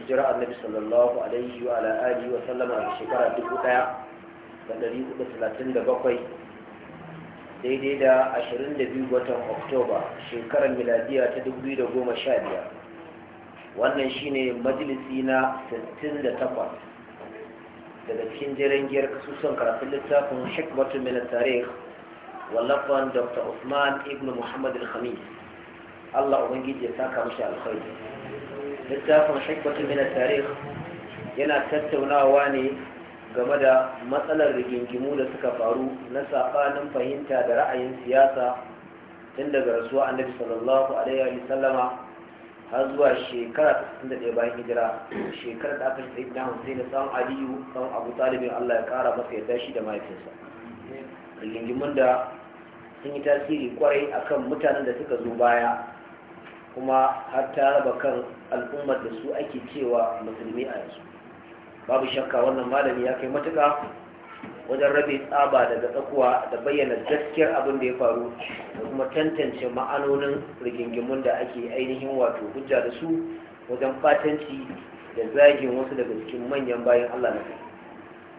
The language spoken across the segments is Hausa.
hijira annabi sallallahu alaihi wa ala alihi wa sallama a shekara 1437 daidai da 22 watan oktoba shekarar miladiya ta 2015 wannan shine majalisi na 68 daga cikin jiran giyar kasusun karatun littafin hikmatun min tarikh wallafan dr usman ibn muhammad al-khamis Allah Ubangiji ya saka mashi alkhairi littafin hikmatu min tarikh yana tattaunawa ne game da matsalar rigingimu da suka faru na sabanin fahimta da ra'ayin siyasa tun daga rasuwa annabi sallallahu alaihi wa sallama har zuwa shekara ta 61 bayan hijira shekarar da aka shi na Hussein da samun Aliyu samun Abu talibin Allah ya kara masa ya shi da mahaifinsa rigingimun da sun yi tasiri kwarai akan mutanen da suka zo baya kuma har ta raba kan al'ummar da su ake cewa musulmi a yanzu babu shakka wannan malami ya kai matuka wajen rabe tsaba daga tsakuwa da bayyana gaskiyar abin da ya faru da kuma tantance ma'anonin rigingimun da ake ainihin wato hujja da su wajen fatanci da zagin wasu daga cikin manyan bayan Allah na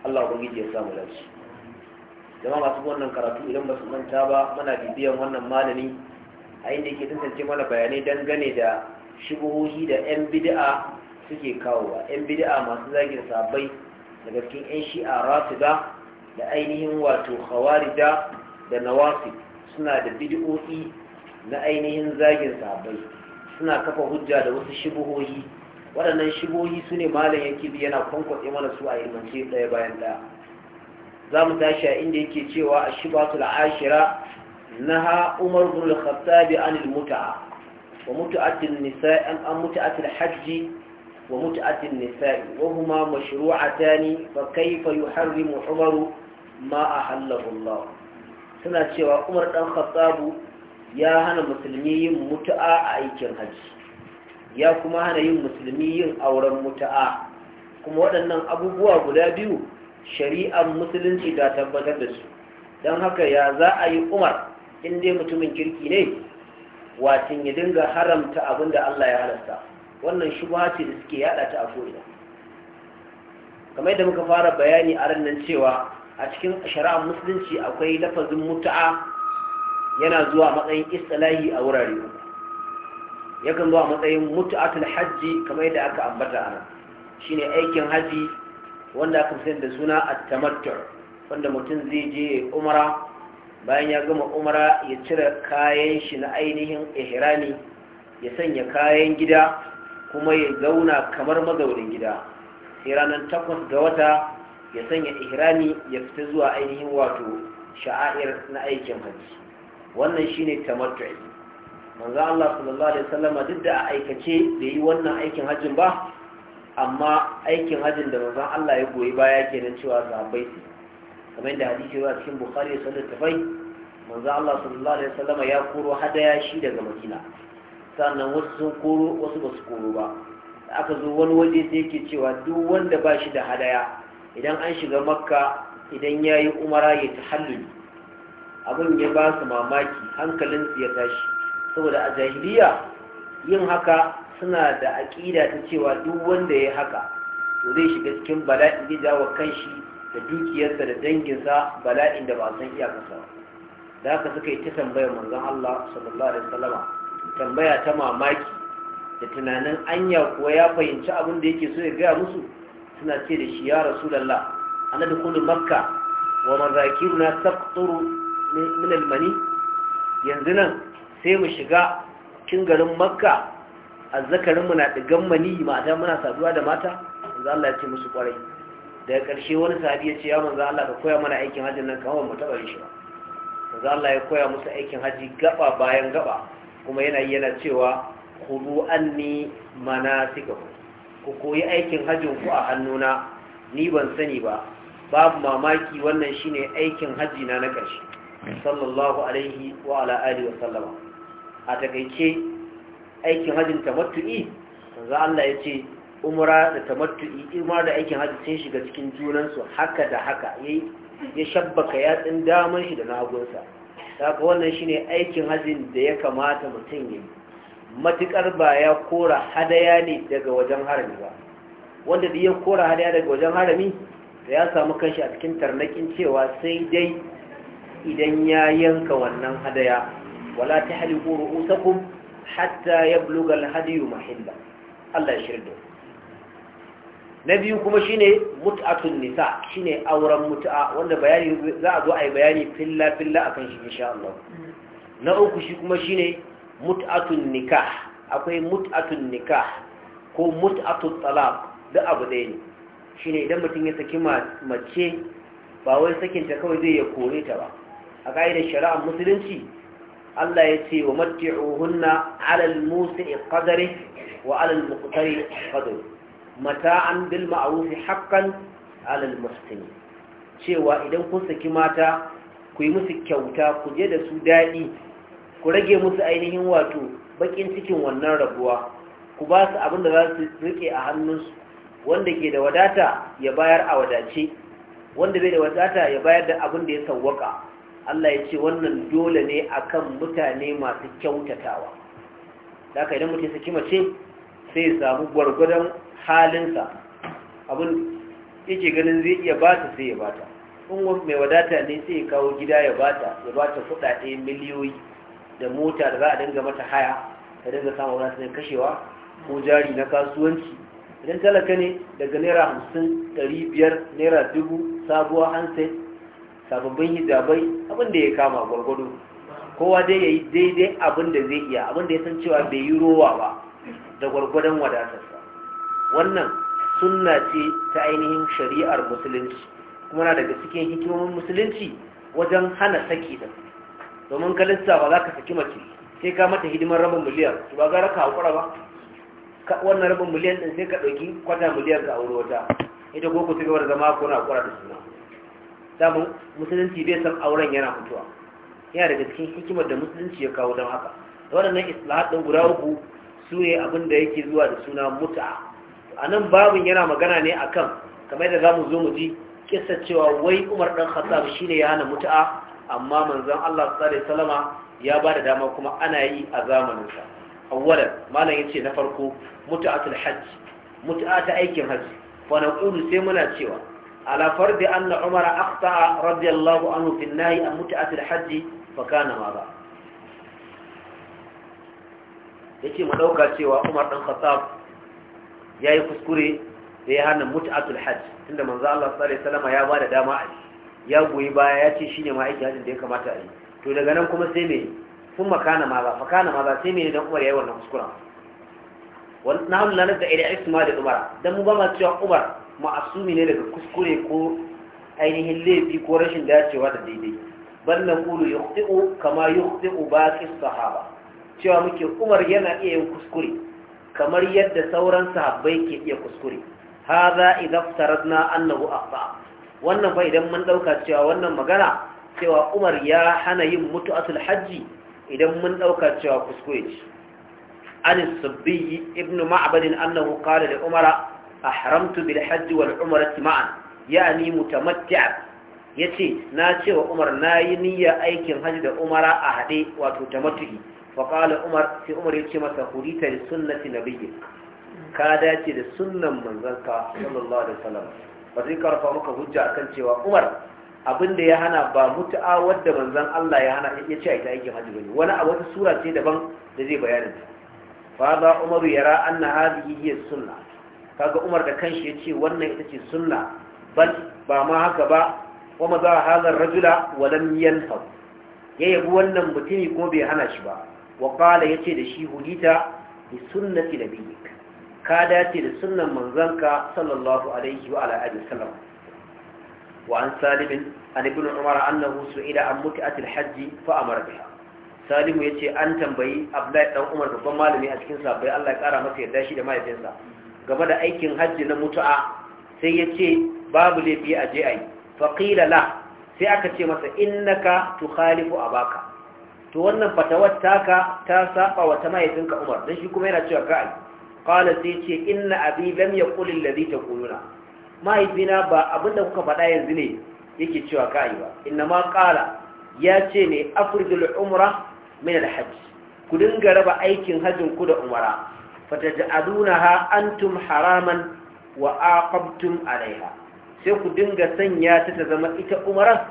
Allah ubangiji ya samu lafiya Zama masu wannan karatu idan ba su manta ba muna bibiyan wannan malami a da ke tantance mana bayanai dangane da shigohohi da 'yan bid'a suke kawowa 'yan bidi'a masu zagin sabai daga cikin 'yan shi'a rasu da ainihin wato khawarida da nawasi suna da bid'o'i na ainihin zagin sabai suna kafa hujja da wasu shigohohi waɗannan shubuhohi su ne malam yake bi yana kwankwaɗe mana su a ilmance ɗaya bayan ɗaya za mu tashi a inda yake cewa a su la'ashira. نهى عمر بن الخطاب عن المتعة ومتعة النساء متعة الحج ومتعة النساء وهما مشروعتان فكيف يحرم عمر ما أحله الله suna cewa umar ɗan khattabu ya hana musulmi yin mutu'a a aikin hajji ya kuma hana yin musulmi yin auren mutu'a kuma waɗannan abubuwa guda biyu shari'ar musulunci da tabbatar da su don haka ya za a yi umar in dai mutumin kirki ne wato ya dinga haramta abin da Allah ya halasta wannan shubha ce da suke yada ta a ko'ina kamar yadda muka fara bayani a ran cewa a cikin shari'ar musulunci akwai lafazin mutu'a yana zuwa matsayin istilahi a wurare yakan zuwa matsayin mutu'atul hajji kamar yadda aka ambata a nan shine aikin haji wanda aka fi da suna at-tamattu wanda mutum zai je umara bayan ya gama umara ya cire kayan shi na ainihin ihrami ya sanya kayan gida kuma ya zauna kamar mazaunin gida sai ranar takwas ga wata ya sanya ihrami ya fita zuwa ainihin wato sha'air na aikin hajji wannan shine tamattu'i manzo Allah sallallahu alaihi wasallam duk da aikace da yi wannan aikin hajjin ba amma aikin hajjin da manzo Allah ya goyi baya kenan cewa sahabbai kamar da hadisi ya cikin bukhari sun da tafai manzo Allah sallallahu alaihi wasallam ya koro hadaya shi daga Madina sannan wasu sun koro wasu ba su koro ba aka zo wani waje sai yake cewa duk wanda ba shi da hadaya idan an shiga makka idan ya yi umara ya ta halluli abin ya ba su mamaki hankalin ya tashi saboda a jahiliya yin haka suna da aƙida ta cewa duk wanda ya haka to zai shiga cikin bala'i zai jawo shi? da dukiyarsa da danginsa bala'in da ba san iyakarsa ba da haka suka yi ta tambayar manzon Allah sallallahu alaihi wasallama tambaya ta mamaki da tunanin anya kuwa ya fahimci abin da yake so ya gaya musu suna ce da shi ya rasulullah ana da kullu makka wa mazakiruna taqturu min al-mani yanzu nan sai mu shiga cikin garin makka azzakarin mu na digan mani mata muna saduwa da mata manzo Allah ya ce musu kwarai daga ƙarshe wani sahabi ya ce ya manzo Allah ka koya mana aikin hajji nan kawai mu taɓa shi ba manzo Allah ya koya musu aikin hajji gaba bayan gaba kuma yana yana cewa khudu anni manasikakum ku koyi aikin hajjin ku a hannuna ni ban sani ba babu mamaki wannan shine aikin hajji na na ƙarshe sallallahu alaihi wa ala alihi wa sallama a takeice aikin hajjin tamattu'i manzo Allah ya ce umra da tamattu'i imma da aikin hajji sun shiga cikin junansu haka da haka ya shabbaka yatsun daman shi da nagunsa saka wannan shine aikin hajin da ya kamata mutum yi matukar ba ya kora hadaya ne daga wajen harami ba wanda da ya kora hadaya daga wajen harami da ya samu kanshi a cikin tarnakin cewa sai dai idan ya yanka wannan hadaya wala tahliqu ru'usakum hatta yablugha al-hadyu mahilla Allah ya shirda na biyu kuma shine mut'atun nisa shine auren mut'a wanda bayani za a zo a yi bayani filla filla akan shi insha Allah na uku shi kuma shine mut'atun nika akwai mut'atun nika ko mut'atun talaq da abu ɗaya ne shine idan mutum ya saki mace ba wai sakin ta kawai zai ya kore ta ba a ka'idar shari'ar musulunci Allah ya ce wa matti'uhunna alal al qadari wa muqtari mata'an bil ma'rufi haqqan 'ala al muhsini cewa idan kun saki mata ku yi musu kyauta ku je da su daɗi ku rage musu ainihin wato bakin cikin wannan rabuwa ku ba su abin da za su rike a hannunsu wanda ke da wadata ya bayar a wadace wanda bai da wadata ya bayar da abin da ya sawwaka Allah ya ce wannan dole ne akan mutane masu kyautatawa da haka idan mutum saki mace sai ya samu gwargwadon halinsa abin yake ganin zai iya bata sai ya bata in mai wadata ne sai ya kawo gida ya bata ya bata kudade miliyoyi da mota da za a dinga mata haya ta dinga samun wani sai kashewa ko jari na kasuwanci idan talaka ne daga naira hamsin ɗari biyar naira dubu sabuwa hansai sababbin hijabai abin da ya kama gwargwado kowa dai ya yi daidai abin da zai iya abin da ya san cewa bai yi rowa ba da gwargwadon wadatar wannan sunna ce ta ainihin shari'ar musulunci kuma na daga cikin hikimomin musulunci wajen hana saki da domin ka ba za ka saki mace sai ka mata hidimar rabin miliyan su ba gara ka haƙura ba wannan rabin miliyan ɗin sai ka ɗauki kwata miliyan ka aure wata ita ko ku cigaba da zama ko na haƙura da suna samun musulunci bai san auren yana mutuwa yana daga cikin hikimar da musulunci ya kawo don haka waɗannan islahat ɗin guda uku su ne abin da yake zuwa da suna mutuwa. a nan babin yana magana ne a kan. kamar da za mu zo mu ji kisa cewa wai umar ɗan khattab shi ne ya hana mutu'a amma manzon allah sallallahu salama ya ba da dama kuma ana yi a zamaninsa awwalan malam yace na farko mutu'atul hajj mutu'a ta aikin hajj Wani naqulu sai muna cewa ala fardi anna umar akhta'a radiyallahu anhu fi nahi an mutu'atul hajj fa ba. Ya ce mu ɗauka cewa umar ɗan khattab ya yi kuskure da ya hana mut'atul hajj tunda manzo Allah sallallahu alaihi wasallam ya bada dama a ya goyi baya ya ce shine ma aiki hajjin da ya kamata a yi to daga nan kuma sai me sun makana ma ba fakana ma ba sai me dan Umar yayi wannan kuskura wannan nahnu la da ila isma da Umar dan mu ba ma cewa Umar ma'asumi ne daga kuskure ko ainihin laifi ko rashin dacewa da daidai bal kulu yukhti'u kama yukhti'u baqi sahaba cewa muke Umar yana iya yin kuskure kamar yadda sauran sahabbai ke iya kuskure hadha idza ftaradna annahu akhta wannan fa idan mun dauka cewa wannan magana cewa Umar ya hana yin mutu'atul hajji idan mun dauka cewa kuskure ce ani sabbi ibn ma'bad annahu qala li umar ahramtu bil hajj wal umrati ma'an yani mutamatti'a yace na cewa Umar nayi niyya aikin hajji da umara a hade wato tamattu'i faƙala umar sai umar ya ce masa hurita da sunnati na biyu ka dace da sunan manzanka sallallahu alaihi wasallam ba zai karfa muka hujja akan cewa umar abin da ya hana ba mutu'a wadda manzan Allah ya hana ya ce a ita aikin hajji bane wani a wata sura ce daban da zai bayanin ta fa za umaru yara anna hadhihi hiya sunna kaga umar da kanshi ya ce wannan ita ce sunna bal ba ma haka ba wa ma za hadha rajula wa lam yanfa ya yabi wannan mutumi ko bai hana shi ba wa ya ce da shi hudita bi sunnati nabiyyik ka dace da sunan manzanka sallallahu alaihi wa ala alihi wasallam wa an salim an ibn umar annahu su'ila an mut'atil hajj fa amara Salimu ya ce an tambayi abdullahi Ɗan umar babban malami a cikin sahabbai Allah ya kara masa yadda shi da mahaifinsa game da aikin hajji na mutu'a sai ya ce babu laifi a je ai faqila la sai aka ce masa innaka tukhalifu abaka to wannan fatawar taka ta saba wa ta mahaifinka Umar dan shi kuma yana cewa kai qala sai ce inna abi lam yaqul alladhi taquluna mahaifina ba abinda kuka faɗa yanzu ne yake cewa kai ba inna ma qala ya ce ne afridul umra min alhajj ku dinga raba aikin hajjin ku da umara fataj'alunaha antum haraman wa aqabtum alaiha sai ku dinga sanya ta ta zama ita umara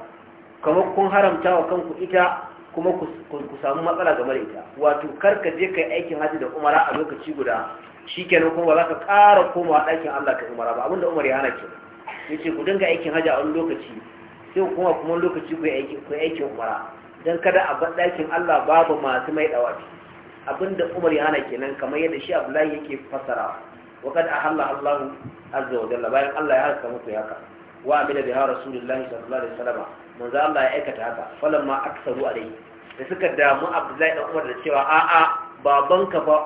kamar kun haramta wa kanku ita kuma ku samu matsala game da ita wato kar ka je kai aikin haji da umara a lokaci guda shikenan kuma ba za ka ƙara komawa ɗakin Allah ka umara ba abinda umar ya hana ke yace ku dinga aikin haji a wani lokaci sai kuma kuma lokaci ku aiki ku aikin umara dan kada a bar ɗakin Allah babu masu mai dawafi abinda umar ya hana kenan kamar yadda shi Abdullahi yake fassara wa kad ahalla Allahu azza wa jalla bayan Allah ya halaka ya ka wa amila biha rasulullahi sallallahu alaihi wasallam manzo Allah ya aikata haka falan ma aksaru alai da suka damu Abdullahi dan Umar da cewa a a baban ka fa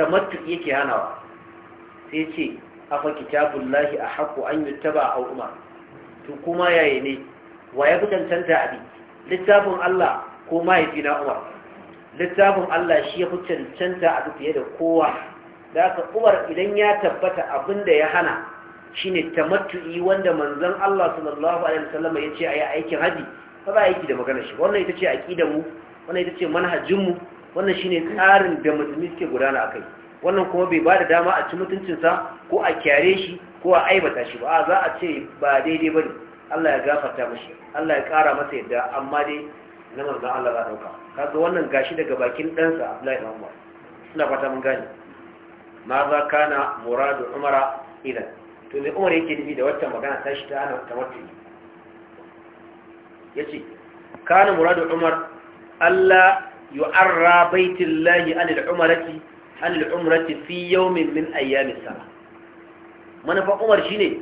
tamattu yake hanawa sai ce afa kitabullahi ahqqu an yuttaba aw umar to kuma yaye ne wa ya tantanta abi littafin Allah ko mahaifina na Umar littafin Allah shi ya fi cancanta a fiye da kowa da aka Umar idan ya tabbata abin da ya hana shine tamattu'i wanda manzon Allah sallallahu alaihi wasallam ya ce ayi aikin haji ba za a yi da magana shi wannan ita ce aqidar mu wannan ita ce manhajin mu wannan shine tsarin da musulmi suke gudana kai. wannan kuma bai bada dama a ci mutuncinsa ko a kyare shi ko a aibata shi ba za a ce ba daidai bane Allah ya gafarta mashi Allah ya kara masa yadda amma dai na manzon Allah za dauka kaga wannan gashi daga bakin ɗansa Abdullahi Muhammad ina fata mun gane ma za kana muradu Umara idan to mai umar yake nufi da wata magana ta shi ta hana tamattu ya ce "Kanu muradu umar allah yu'arra baitin lahi anil umarati anil umarati fi yawmin min ayyamin sama manufan umar shine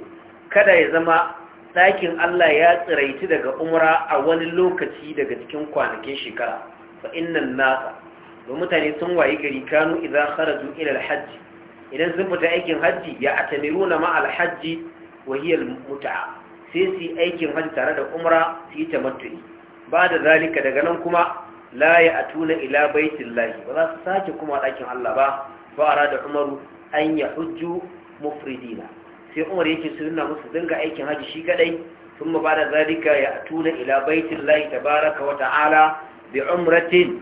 kada ya zama ɗakin allah ya tsiraitu daga umara a wani lokaci daga cikin kwanakin shekara ba innan nasa ba mutane sun wayi gari kanu idan kharaju ila hajji idan sun fita aikin hajji ya atamiruna ma alhajji wa hiya sai su aikin hajji tare da umra su yi tamattu'i ba da zalika daga nan kuma la ya atuna ila baitillahi ba za su sake kuma dakin Allah ba a rada umaru an ya hujju mufridina sai umar yake su nuna musu dinga aikin hajji shi kadai ila baitin ذلك ta baraka wa ta'ala bi umratin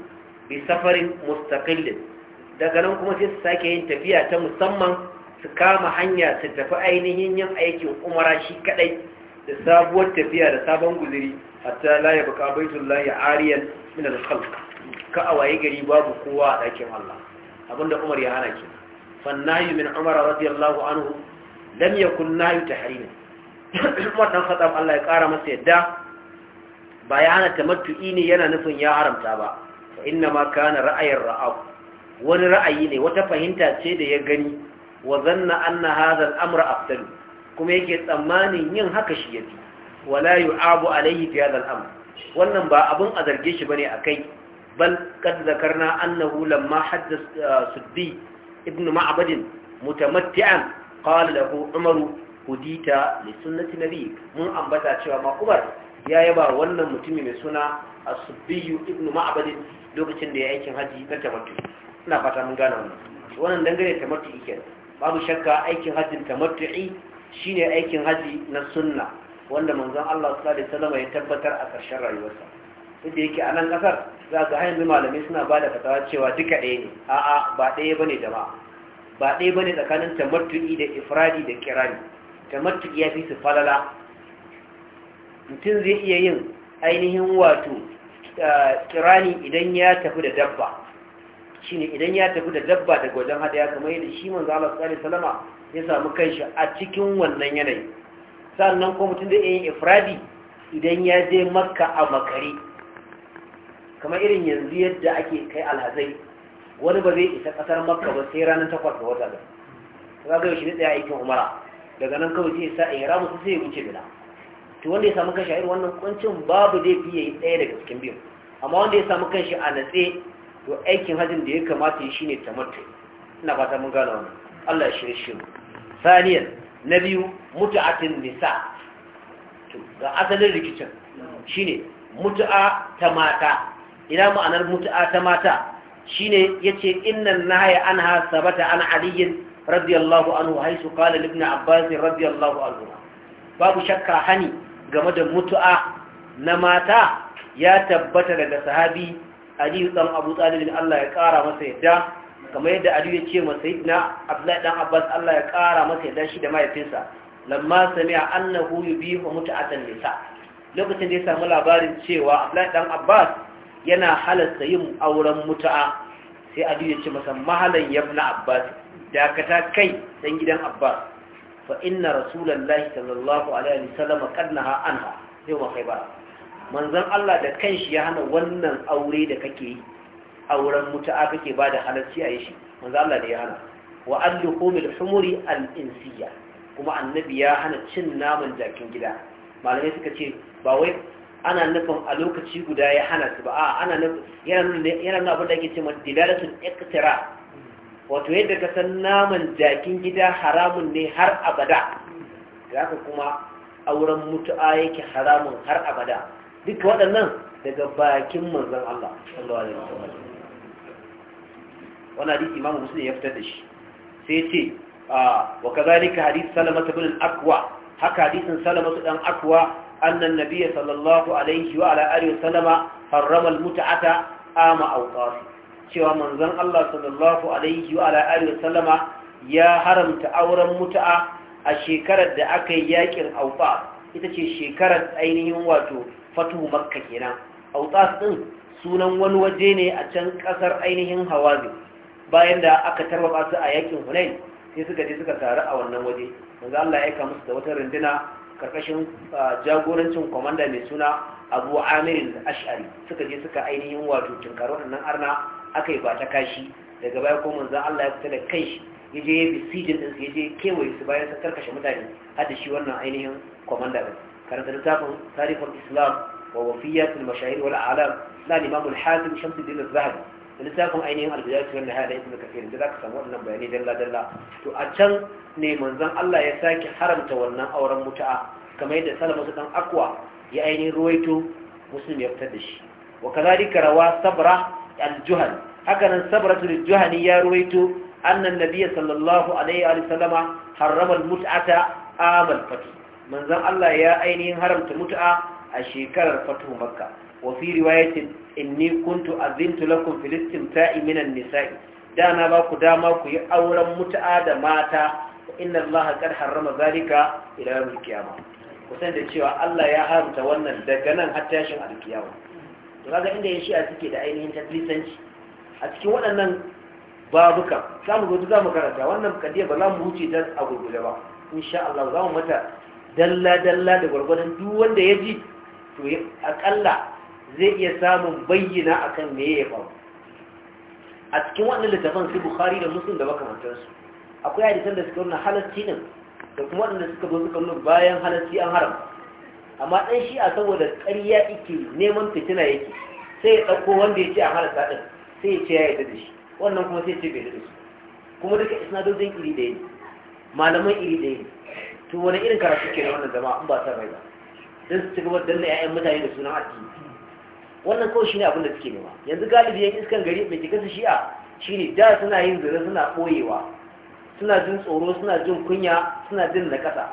bi safarin مستقل daga nan kuma sai su sake yin tafiya ta musamman su kama hanya su tafi ainihin yin aikin umara shi kadai da sabuwar tafiya da sabon guziri hatta la ya baka baitullahi ariyan min al-khalq ka awaye gari babu kowa a dakin Allah abinda Umar ya hana ki fannahi min Umar radiyallahu anhu lam yakun nahi tahrim Umar dan Khattab Allah ya kara masa yadda ba ya hana tamattu'i ne yana nufin ya haramta ba fa inna ma kana ra'ayin ra'ahu wani ra'ayi ne wata fahimta ce da ya gani wa zanna anna hadha al-amra afdal kuma yake tsammanin yin haka shi yafi wala yu'abu alayhi fi hadha al-amr wannan ba abun a zarge shi bane akai bal kad zakarna annahu lamma haddas ah, suddi ibn ma'bad mutamatti'an qala lahu Umar hudita li sunnati nabiyik mun ambata cewa ma umar ya yaba wannan mutumi mai suna as-subbi ibn ma'bad lokacin da ya aikin haji na tabattu ina fata mun gane wannan wannan dangane tamattu'i ke babu shakka aikin hajjin tamattu'i shine aikin haji na sunna wanda manzon Allah sallallahu alaihi wasallam ya tabbatar a karshen rayuwarsa inda yake a nan kasar za ga har malamai suna ba da fatawa cewa duka ɗaya ne a'a ba ɗaya bane jama'a ba ɗaya bane tsakanin tamattu'i da ifradi da kirani tamattu'i ya fi su falala mutum zai iya yin ainihin wato eh, kirani idan ya tafi da dabba ne idan ya tafi da dabba daga wajen hadaya yi yadda shi manzo Allah sallallahu alaihi wasallama ya samu kanshi a cikin wannan yanayi sannan ko mutum da yin ifradi idan ya je makka a makare kamar irin yanzu yadda ake kai alhazai wani ba zai isa kasar makka ba sai ranar takwas ga wata ga ga shi da tsaya aikin umara daga nan kawai sai sa ihra musu sai ya wuce bila to wanda ya samu kanshi a irin wannan kuncin babu zai fiye ɗaya daga cikin biyu amma wanda ya samu kanshi a natse to aikin hajjin da ya kamata yi shine tamattu ina fata mun gano wannan Allah ya shirye shi saniyan na biyu mutu'atin nisa to ga asalin rikicin shine mutu'a ta mata ina ma'anar mutu'a ta mata shine yace innan nahaya anha sabata an aliyin radiyallahu anhu haisu qala ibn abbas radiyallahu anhu babu shakka hani game da mutu'a na mata ya tabbata daga sahabi aliyu dan abu talibin Allah ya kara masa yadda kamar yadda aliyu ya ce masa na abdullahi dan abbas Allah ya kara masa yadda shi da mahaifinsa lamma sami'a annahu yubihu muta'atan nisa lokacin da ya samu labarin cewa abdullahi dan abbas yana halasta yin auren mutu'a sai aliyu ya ce masa mahalan yabna abbas dakata kai dan gidan abbas fa inna rasulullahi sallallahu alaihi wasallam qadnaha anha kai ba. manzon Allah da kanshi ya hana wannan aure da kake yi auren mutu'a kake ba da halarci a yi shi manzon Allah da ya hana wa mil humuri al-insiyya kuma annabi ya hana cin naman jakin gida malamai suka ce ba wai ana nufin a lokaci guda ya hana su ba a ana nufin yana nuna abin da ake ce ma dilalatul iqtira wato yadda ka san naman jakin gida haramun ne har abada haka kuma auren mutu'a yake haramun har abada duka waɗannan daga bakin manzan Allah sallallahu alaihi wasallam wannan hadisi imamu muslim ya fitar da shi sai ce wa kazalika hadith salama ibn al-aqwa haka hadisin salama dan aqwa annan nabiy sallallahu alaihi wa ala alihi wasallama harrama al-mut'ata ama awqaf cewa manzan Allah sallallahu alaihi wa ala alihi wasallama ya haramta auren mut'a a shekarar da aka yi yakin awqaf ita ce shekarar ainihin wato fatuhu makka kenan autas din sunan wani waje ne a can kasar ainihin hawazi bayan da aka tarwaba su a yakin hunain sai suka je suka taru a wannan waje manzo Allah ya aika musu da wata runduna karkashin jagorancin komanda mai suna Abu Amir al-Ash'ari suka je suka ainihin wato tunkar nan arna akai ba ta kashi daga baya ko manzo Allah ya fita da kai ya je ya bi sijin din ya je kewaye su bayan sa karkashe mutane har shi wannan ainihin komanda karanta littafin tarihul islam wa wafiyatul mashahir wal a'lam na imam al-hatim shamsuddin az-zahabi da littafin ainihin al-bidayatu wan nihaya da ibnu kathir da zaka samu wannan bayanai dalla dalla to a can ne manzon Allah ya saki haramta wannan auren mutu'a kamar da salama su dan akwa ya ainihin ruwaito muslim ya fitar da shi wa kadhalika rawa sabra al-juhani haka nan sabratul juhani ya ruwaito anna nabiyya sallallahu alaihi wa sallama harrama al-mut'ata amal fatih manzon Allah ya ainihin haramta mutu'a a shekarar fatuhu makka wa fi riwayatin inni kuntu azintu lakum Filistin, istimta'i minan nisa'i da na ba ku dama ku yi auren mutu'a da mata inna Allah qad harrama zalika ila yawmil qiyamah kusan da cewa Allah ya haramta wannan daga nan har tashin alkiyama to kaga inda yin shi'a suke da ainihin tadlisanci a cikin waɗannan babukan za mu gudu, za mu karanta wannan kadiyar ba za mu wuce ta a gurgure ba insha Allah za mu mata dalla-dalla da gwargwadon duk wanda ya ji to akalla zai iya samun bayyana akan me ya faru a cikin waɗannan littafan su bukari da musulun da makamantarsu akwai hadisan da suka wani halarci nan da kuma waɗanda suka zo suka nuna bayan halarci an haram amma ɗan shi a saboda ƙarya yake neman fitina yake sai ya ɗauko wanda ya ce a halarta ɗin sai ya ce ya yarda da shi wannan kuma sai ce bai da su kuma duka isnadojin iri ɗaya yi malaman iri ɗaya ne to wani irin karatu ke da wannan zama an ba san rai ba don su cigaba da danna 'ya'yan mutane da sunan addini wannan kawai shi abin da suke nema yanzu galibi yan iskan gari mai ke kasa shi'a ne. da suna yin zira suna ɓoyewa suna jin tsoro suna jin kunya suna jin na ƙasa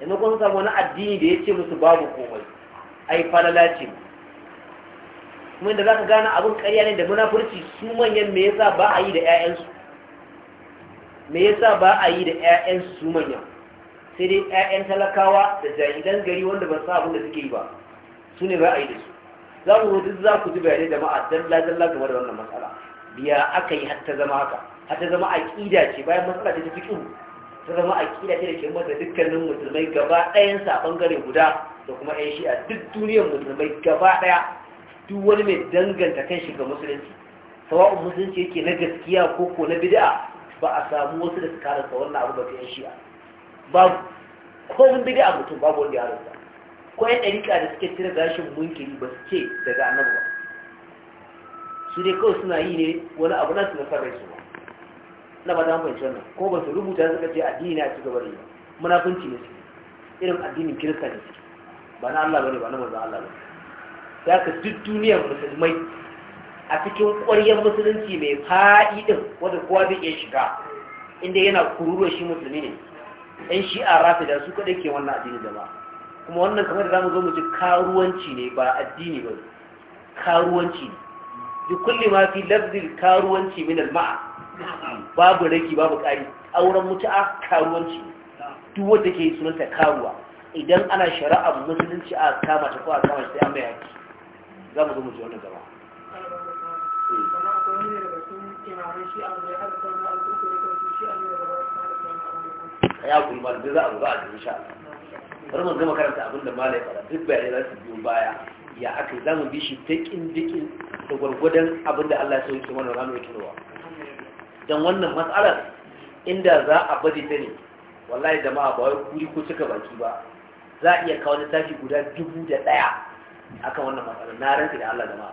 yanzu kuma sun samu wani addini da ya ce musu babu komai ai falala ce kuma inda za ka gane abin karya ne da munafurci su manyan me yasa ba a yi da 'ya'yansu me yasa ba a yi da 'ya'yansu su manyan sai dai 'ya'yan talakawa da jahilan gari wanda ba sa abin da suke yi ba su ne za a yi da su za mu duk za ku ji bayanai jama'a dalla dalla game da wannan matsala biya aka yi har ta zama haka har ta zama aƙida ce bayan matsala ta fi ƙiru ta zama aƙida ce da ke mata dukkanin musulmai gaba ɗayansa a bangare guda da kuma 'yan shi'a duk duniyar musulmai gaba ɗaya duk wani mai danganta kan shiga ga musulunci sawa'un musulunci yake na gaskiya ko ko na bid'a ba a samu wasu da su karanta wannan abu ba ta 'yan shi'a babu ko sun bi a mutum babu wanda ya rasa ko yan ɗarika da suke cire gashin munkiri ba su ce daga annabi ba su dai kawai suna yi ne wani abu na su na sarrai su ba na ba ta fahimci wannan ko ba su rubuta suka ce addini na ci gaba da yi munafunci ne su irin addinin kirista ne su ba na Allah bane ba na manzon Allah ba za ka duk duniyar musulmai a cikin ƙwaryar musulunci mai fa'idin ɗin wanda kowa zai iya shiga inda yana kururuwa shi musulmi ne yan shi'a rafida su kaɗai ke wannan addini ba kuma wannan kamar da zamu zo mu ji karuwanci ne ba addini ba karuwanci ne duk kulli ma fi lafzil karuwanci min al-ma'a babu raki babu ƙari auren mutu'a karuwanci ne duk wanda ke sunanta karuwa idan ana shari'a musulunci a kama ta ko a kama sai an mai haƙi za mu zo mu ji wannan gaba ya guri da za a zuwa a ji sha. bari mun gama karanta abin da malai fara duk bayanai za su biyo baya ya aka yi mu bi shi takin dikin da gwargwadon abin da Allah ya sauke mana ranar tunowa dan wannan matsalar inda za a bade ta ne wallahi da ma ba wai kuri ko cika baki ba za a iya kawo littafi guda dubu da ɗaya akan wannan matsalar na ranke da Allah da ma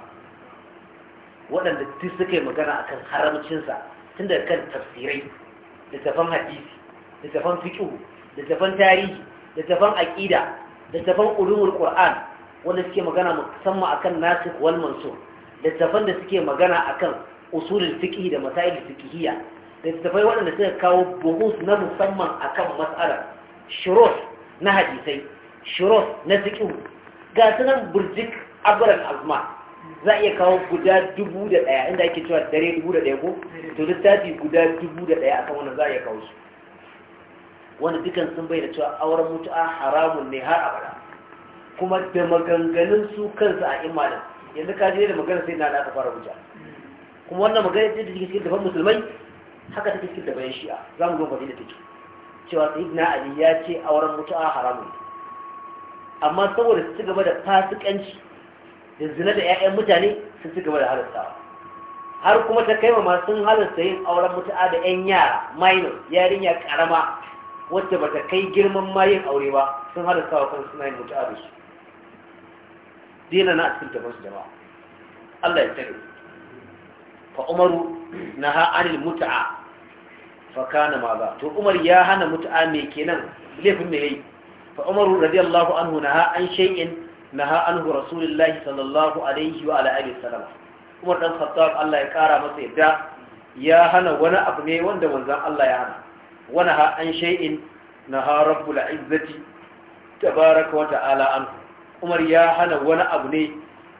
waɗanda duk suka yi magana akan haramcinsa tun da kan tafsirai littafan hadisi littafan fiqh littafan tarihi littafan aƙida, littafan ulumul qur'an wanda suke magana musamman akan nasikh wal mansukh littafan da suke magana akan usulul fiqh da masail fiqhiyya littafai waɗanda suka kawo buhus na musamman akan mas'alar shurus na hadisai shurus na fiqh ga sunan burjik abran azma za iya kawo guda dubu da ɗaya inda ake cewa dare dubu da ɗaya ko to littafi guda dubu da ɗaya akan wannan za iya kawo su wanda dukan sun bai da cewa auren mutu'a haramun ne har abada kuma da maganganun su kansu a imanin yanzu ka je da magana sai na da aka fara guja kuma wannan magana ce da take cikin dafan musulmai haka take cikin dafan shi'a za mu gwamnati da take cewa na ali ya ce auren mutu'a haramun ne amma saboda su ci gaba da fasikanci da zina da 'ya'yan mutane sun ci gaba da halittawa har kuma ta kai ma sun halasta yin auren mutu'a da 'yan yara minor yarinya karama wacce bata kai girman mayin aure ba sun halarta wa kansu suna yin mutu'a da su dina na cikin tafansu jama'a Allah ya tsare fa umaru na ha anil mut'a fa kana maza to umar ya hana mut'a me kenan laifin ne yayi fa umaru radiyallahu anhu na ha an shay'in ha anhu rasulullahi sallallahu alaihi wa ala alihi wasallam umar dan khattab Allah ya kara masa yadda ya hana wani abu ne wanda manzon Allah ya hana wani ha an shay'in na ha rabbul izzati tabaraka wa ta'ala an umar ya hana wani abu ne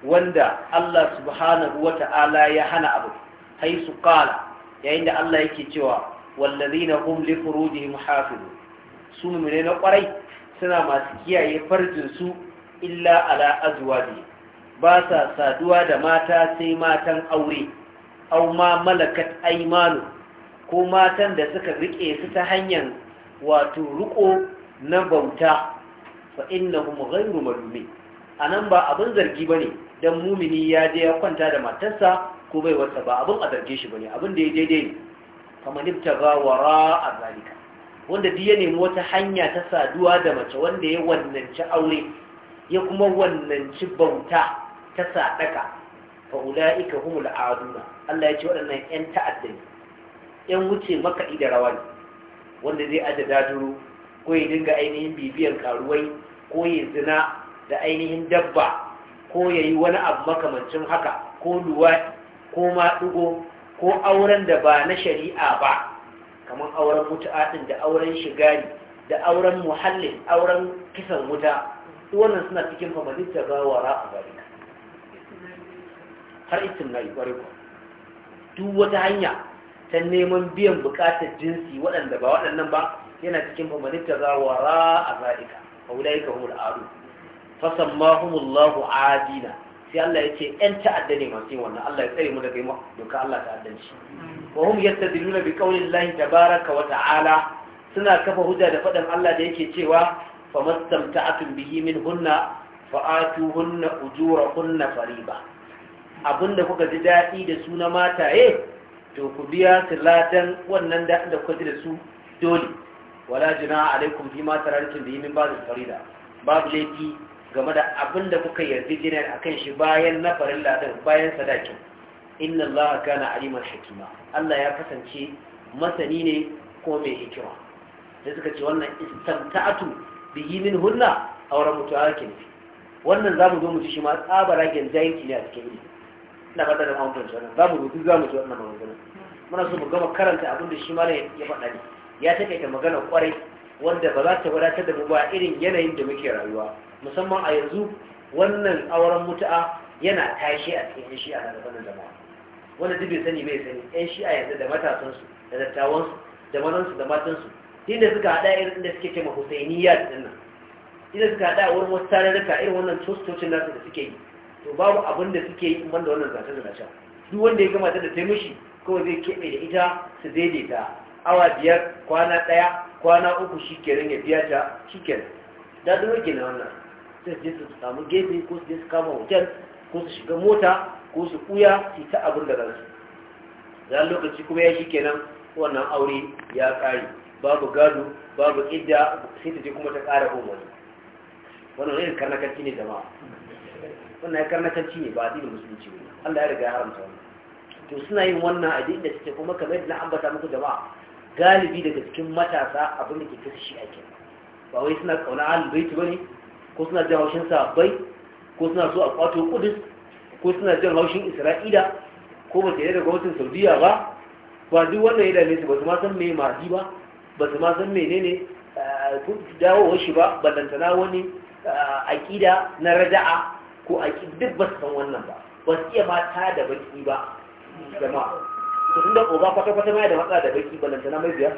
wanda Allah subhanahu wa ta'ala ya hana abu haisu qala yayin da Allah yake cewa wallazina hum li furujihim hafizun su mu'mine na kwarai suna masu kiyaye farjin su illa ala azwaji ba sa saduwa da mata sai matan aure aw ma malakat aimanu ko matan da suka rike su ta hanyar wato riko na bauta fa innahum ghayru malumi anan ba abin zargi bane dan mumini ya je ya kwanta da matarsa ko bai wata ba abin a zarge shi bane abin da ya daidai ne kamar ga wara a zalika wanda duk ya nemi wata hanya ta saduwa da mace wanda ya wannanci aure ya kuma wannanci bauta ta sadaka fa ulaika humul aduna Allah ya ce waɗannan 'yan ta'addai yan wuce maka da rawa wanda zai aje daduru ko ya dinga ainihin bibiyar karuwai ko ya zina da ainihin dabba ko ya yi wani abu makamancin haka ko luwaɗi ko maɗugo ko auren da ba na shari'a ba kamar auren mutu'a da auren shigari da auren muhallin auren kisan wuta wannan suna cikin famalin ta wara a bari har itin na yi ƙwarewa duk wata hanya ta neman biyan bukatar jinsi waɗanda ba waɗannan ba yana cikin famanita za wa ra'a zalika fa ulai ka humul adu fa sammahumullahu adina sai Allah ya ce ƴan ta'adda ne masu yin wannan Allah ya tsare mu daga doka Allah ta'addanci wa hum yastadilluna bi qaulillahi baraka wa ta'ala suna kafa hujja da faɗin Allah da yake cewa fa mastamta'atun bihi min hunna hunna fa'atuhunna ujurahunna fariba abinda kuka ji daɗi da su na mataye to ku biya su wannan da da kwaji da su dole wala jina alaikum fi ma tararkin bihi min ba'd farida babu laifi game da abin da kuka yarda a akan shi bayan na farin din bayan sadakin inna Allah kana aliman hakima Allah ya kasance masani ne ko mai hikima da suka ce wannan istamta'atu bihi min hunna auren mutuwa ke nufi wannan zamu zo mu ji shi ma tsabara genzayin ne a cikin ilimi ina fata da mahaifin shi za mu rubutu za mu ji wannan magana muna so mu gama karanta abin da shi malam ya faɗa ne ya taƙaita magana kwarai wanda ba za ta wadatar da mu ba irin yanayin da muke rayuwa musamman a yanzu wannan auren mutu'a yana tashi a cikin yan shi'a na wannan jama'a wanda duk bai sani bai sani yan shi'a yanzu da matasansu da dattawansu da manansu da matansu Inda suka haɗa irin da suke cewa husainiyya da nan idan suka haɗa wurin wasu tarurruka irin wannan tostocin nasu da suke yi to babu abin da suke yi wanda wannan da zace duk wanda ya gama da taimishi ko zai keɓe da ita su daidaita awa biyar kwana ɗaya kwana uku shikenan ya biya ta shi da duk wake na wannan sai su su samu gefe ko su je su kama hotel ko su shiga mota ko su kuya su ta abin da zasu su da lokaci kuma ya shikenan wannan aure ya kare babu gado babu idda sai ta je kuma ta kara bin wani wannan ne karnakarci ne jama'a wannan ya karnatanci ne ba addinin musulunci ne Allah ya riga ya haramta wannan to suna yin wannan a da suke kuma kamar yadda na ambata muku jama'a galibi daga cikin matasa abin da ke kasa shi ake ba wai suna kauna ahlul ba ne ko suna jin haushin sahabbai ko suna so a kwato kudus ko suna jin haushin isra'ila ko ba tare da gwamnatin saudiya ba ba duk wannan ya dame su ba su ma san me mahdi ba ba su ma san menene eh, dawowar shi ba ballantana wani eh, aƙida na raja'a ko a ƙi duk ba san wannan ba ba su iya mata da baki ba jama'a to da oga kwata-kwata ma da matsa da baki lantana mai biya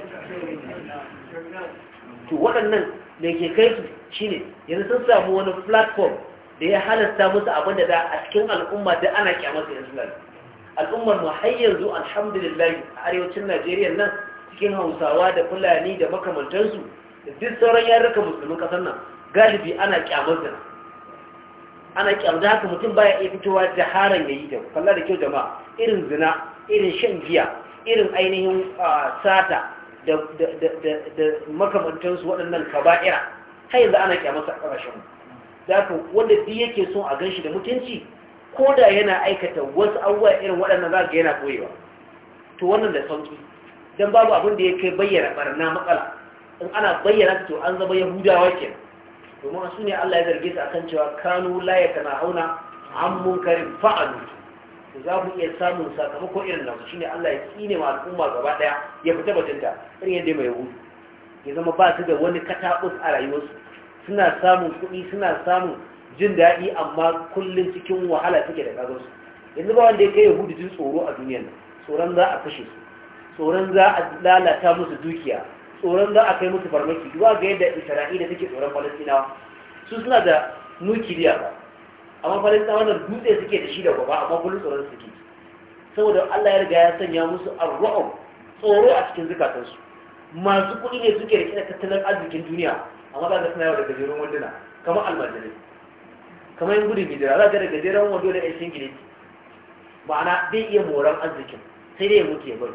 to waɗannan da ke kai su ne, yanzu sun samu wani platform da ya halasta musu abin da za a cikin al'umma da ana kyamata yanzu lalata al'ummar mu har yanzu Alhamdulillahi, a arewacin najeriya nan cikin hausawa da fulani da makamantansu da duk sauran yarukan musulmin ƙasar nan galibi ana kyamata ana kyarda haka mutum baya iya fitowa da haran yayi ta kalla da kyau jama'a irin zina irin shan giya irin ainihin sata da makamantansu waɗannan kaba'ira har yanzu ana kyamata a ƙarashen ku wanda bi yake son a ganshi da mutunci ko da yana aikata wasu abubuwa irin waɗannan za ga yana koyewa to wannan da sauki dan babu abin da ya kai bayyana barna matsala in ana bayyana to an zama yahudawa kenan domin su ne Allah ya zarge su akan cewa kanu la hauna an munkarin fa'alu to za mu iya samun sakamako irin nan shine Allah ya tsine ma al'umma gaba daya ya fita batunta irin yadda mai wuce ya zama ba su da wani katabus a rayuwarsu suna samun kuɗi suna samun jin daɗi amma kullum cikin wahala suke da su yanzu ba wanda ya kai yahudu jin tsoro a duniyar nan tsoron za a kashe su tsoron za a lalata musu dukiya tsoron za a kai musu farmaki zuwa ga yadda isra'ila suke tsoron falasinawa su suna da nukiliya ba amma falasinawa da dutse suke da shi da gaba amma kullum tsoron suke saboda allah ya riga ya sanya musu arru'am tsoro a cikin zukatansu masu kuɗi ne suke da kina tattalin arzikin duniya amma za ka suna yau da gajeren wanduna kamar almajirai kamar yin gudun hijira za ka da gajeren wando da yan shingiri ma'ana zai iya moran arzikin sai dai ya mutu ya bari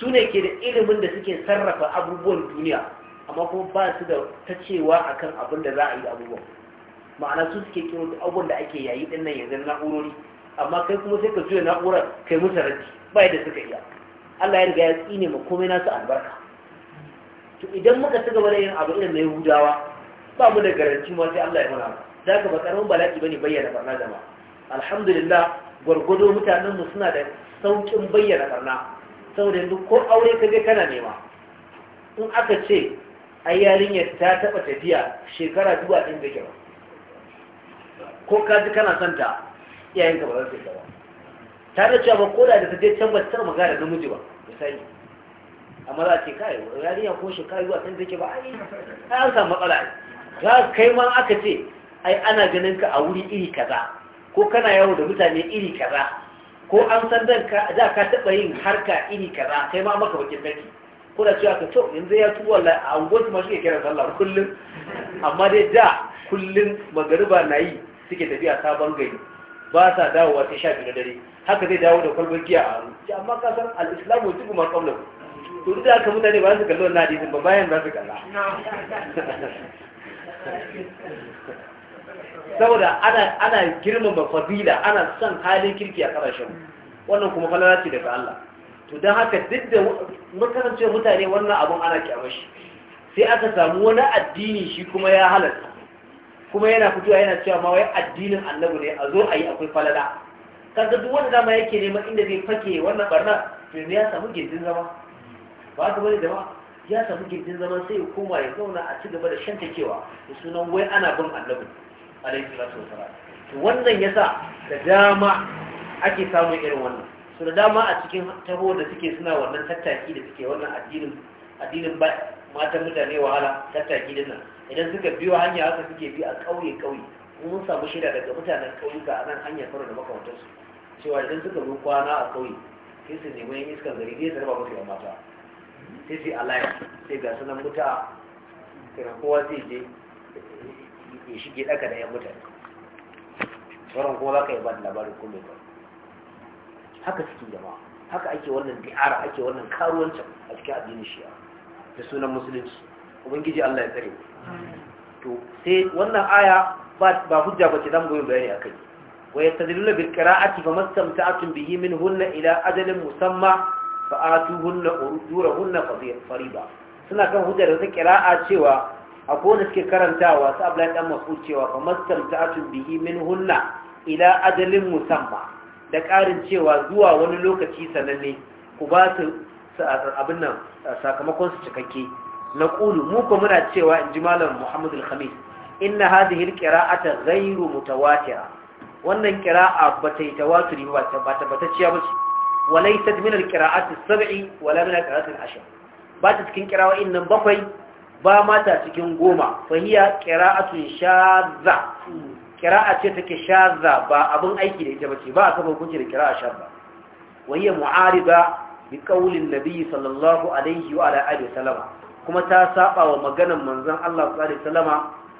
su ne ke da ilimin da suke sarrafa abubuwan duniya amma kuma ba su da ta cewa akan abin da za a yi abubuwan ma'ana su suke kiro da abubuwan da ake yayi din nan yanzu na'urori amma kai kuma sai ka juya na'urar kai musu raji ba yadda suka iya Allah ya riga ya tsine ma komai nasu albarka to idan muka ci gaba da yin abu irin na Yahudawa ba mu da garanti ma sai Allah ya mana za ka ba karamin bala'i bane bayyana barna jama'a alhamdulillah gwargwado mutanen mu suna da saukin bayyana barna saboda yanzu ko aure ka je kana nema in aka ce ai yarinyar ta taba tafiya shekara zuwa din da kyau ko ka ji kana son ta iyayen ka ba za su ba ta da cewa ba ko da ta je can ba ta magana da namiji ba misali amma za a ce kai yarinya ko shekara zuwa din da ke ba ai an samu matsala ga kai ma aka ce ai ana ganin ka a wuri iri kaza ko kana yawo da mutane iri kaza ko an san za ka taɓa yin harka iri kaza kai ma maka bakin daki ko da cewa ka to yanzu ya tuwa la a ungo ma suke kiran sallah kullum amma dai da kullum magariba na yi suke tafiya sabon gari ba sa dawowa sai sha biyu dare haka zai dawo da kwalbar giya a hannu amma ka san al'islamu duk ma kwamna to duk da haka mutane ba su kalli wannan hadisin ba bayan za su kalla saboda ana girmama fadila ana son halin kirki a ƙasashen wannan kuma falala ce daga Allah to don haka duk da makarantar mutane wannan abun ana kyamar shi sai aka samu wani addini shi kuma ya halatta kuma yana fitowa yana cewa ma wai addinin annabu ne a zo a yi akwai falala kaga duk wanda dama yake neman inda zai fake wannan barna to ya samu gindin zama ba ka bari ba, ya samu gindin zama sai ya koma ya zauna a ci gaba da shantakewa da sunan wai ana bin annabi alaihi salatu wasalam to wannan yasa da dama ake samun irin wannan su da dama a cikin taho da suke suna wannan tattaki da suke wannan addinin matan mutane wahala tattaki din nan idan suka biyo hanya haka suke bi a ƙauye ƙauye mun samu shida daga mutanen ƙauyuka a nan hanyar faru da makamantarsu cewa idan suka zo kwana a ƙauye sai su nemi yin iskar gari zai zarba yan mata sai su alaya sai ga sunan muta kira kowa zai je ya shige daga da ya mutane sauran kuma za ka yi ba da labarin kullum ba haka cikin jama'a haka ake wannan bi'ara ake wannan karuwancin a cikin addinin shi'a da sunan musulunci ubangiji allah ya tsare to sai wannan aya ba hujja ba ce zan goyi bayani a kai ويستدلون بالقراءة فما استمتعتم به منهن إلى hunna مسمى فآتوهن fari ba, suna kan hujjar da qira'a cewa a kowane suke karantawa su abu dan masu cewa fa atun bihi min hunna ila ajalin Musamman da ƙarin cewa zuwa wani lokaci sananne ku ba su abin nan sakamakon su cikakke na ƙulu mu ko muna cewa in ji malam muhammad alhamis khamis inna hirƙira a ta zairu mutawatira wannan kira a ta yi tawaturi ba ta ba ta ba ce sabi wala ba ta cikin qira'o'in nan bakwai ba mata cikin goma fahiya qira'atun shadza qira'a ce take shadza ba abin aiki da ita bace ba a kafa hukunci da qira'a shadza wa hiya mu'arida bi qawlin nabiy sallallahu alaihi wa ala alihi wasallama kuma ta saba wa maganar manzon Allah sallallahu alaihi wasallama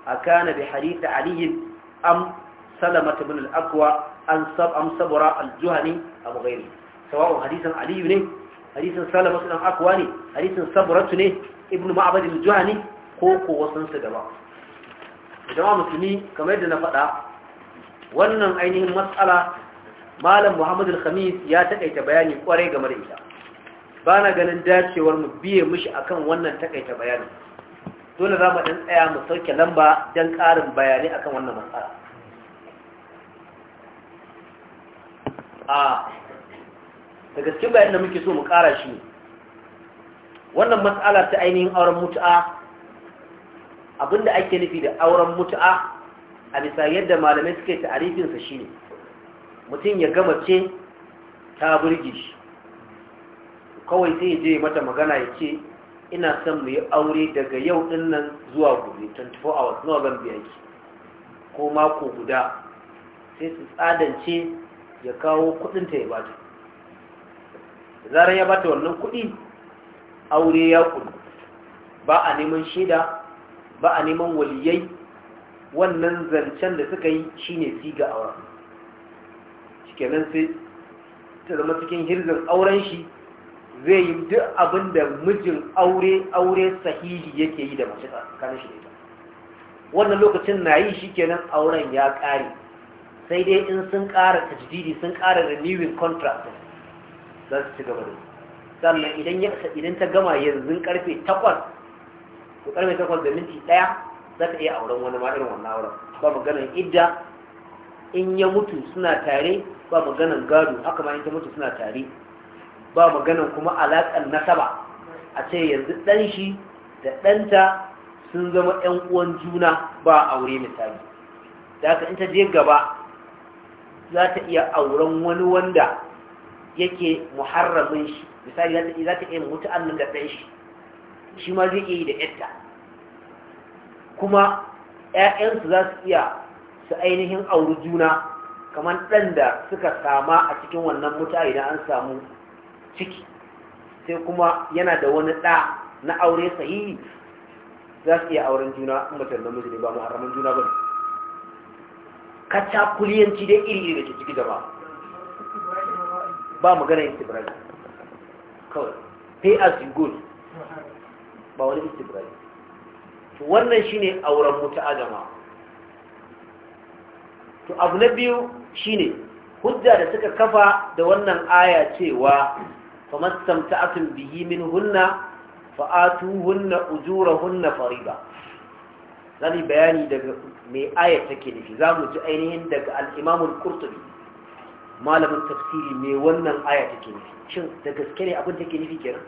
akana bi hadith ali am salama ibn al-aqwa an sab am sabra al-juhani abu ghairi sawa'un hadithan ali ne hadithan salama ibn al-aqwa ne hadithan sabratu ne ibn ma'abad al ko ko wasan su daban jama'a musulmi kamar yadda na faɗa wannan ainihin matsala malam Muhammadu al-khamis ya taƙaita bayani ƙwarai game da ita ba na ganin dacewar mu biye mishi akan wannan taƙaita bayani dole za mu ɗan tsaya mu sauke lamba don ƙarin bayani akan wannan matsala a da cikin bayan da muke so mu ƙara shi ne wannan matsala ta ainihin auren mutu'a abinda ake nufi da auren mutu'a a bisa yadda malamai suke ta'arifinsa shine mutum ya gama ce ta burge shi kawai sai ya je mata magana ya ce ina son mu yi aure daga yau din zuwa gobe 24 hours nawa ban biya ki ko mako guda sai su tsadance ya kawo kudin ya bata zarar ya bata wannan kudi aure ya kudu ba a neman shida, ba a neman waliyai wannan zancen da suka yi shi shine siga auren shikenan sai ta zama cikin hirzin auren shi zai yi duk abin da mijin aure aure sahihi yake yi da mace tsakanin shi da ita wannan lokacin na yi shi kenan auren ya ƙare sai dai in sun ƙara tajdidi sun ƙara renewing contract za su ci gaba da sannan idan ya idan ta gama yanzu karfe 8 ko karfe 8 da minti 1 za ta iya auren wani ma irin wannan auren ba maganar idda in ya mutu suna tare ba maganar gado haka ma in ta mutu suna tare ba maganar kuma alaƙar nasaba a ce yanzu ɗan shi da ɗanta sun zama ƴan uwan juna ba aure misali da haka in ta je gaba za ta iya auren wani wanda yake muharramin shi misali za ta iya mutu an da ɗan shi shi ma zai iya yi da yadda. kuma 'ya'yansu za su iya su ainihin auri juna kamar ɗan da suka sama a cikin wannan mutu idan an samu ciki sai kuma yana da wani ɗa na aure sahi za su iya auren juna in mutum mutu ne ba muharraman juna ba ne kacakuliyanci dai iri iri da ke ciki jama'a ba magana yin tibirai kawai pay as you go ba wani to wannan shine auren mutu'a adama to abu na biyu shine hujja da suka kafa da wannan aya cewa hunna bihi hunna fari ujurahunna fariba zani bayani daga mai aya take nufi zamu ji ainihin daga al-Imam malamin tafsiri me wannan aya take nufi shin da gaske ne abin take nufi kenan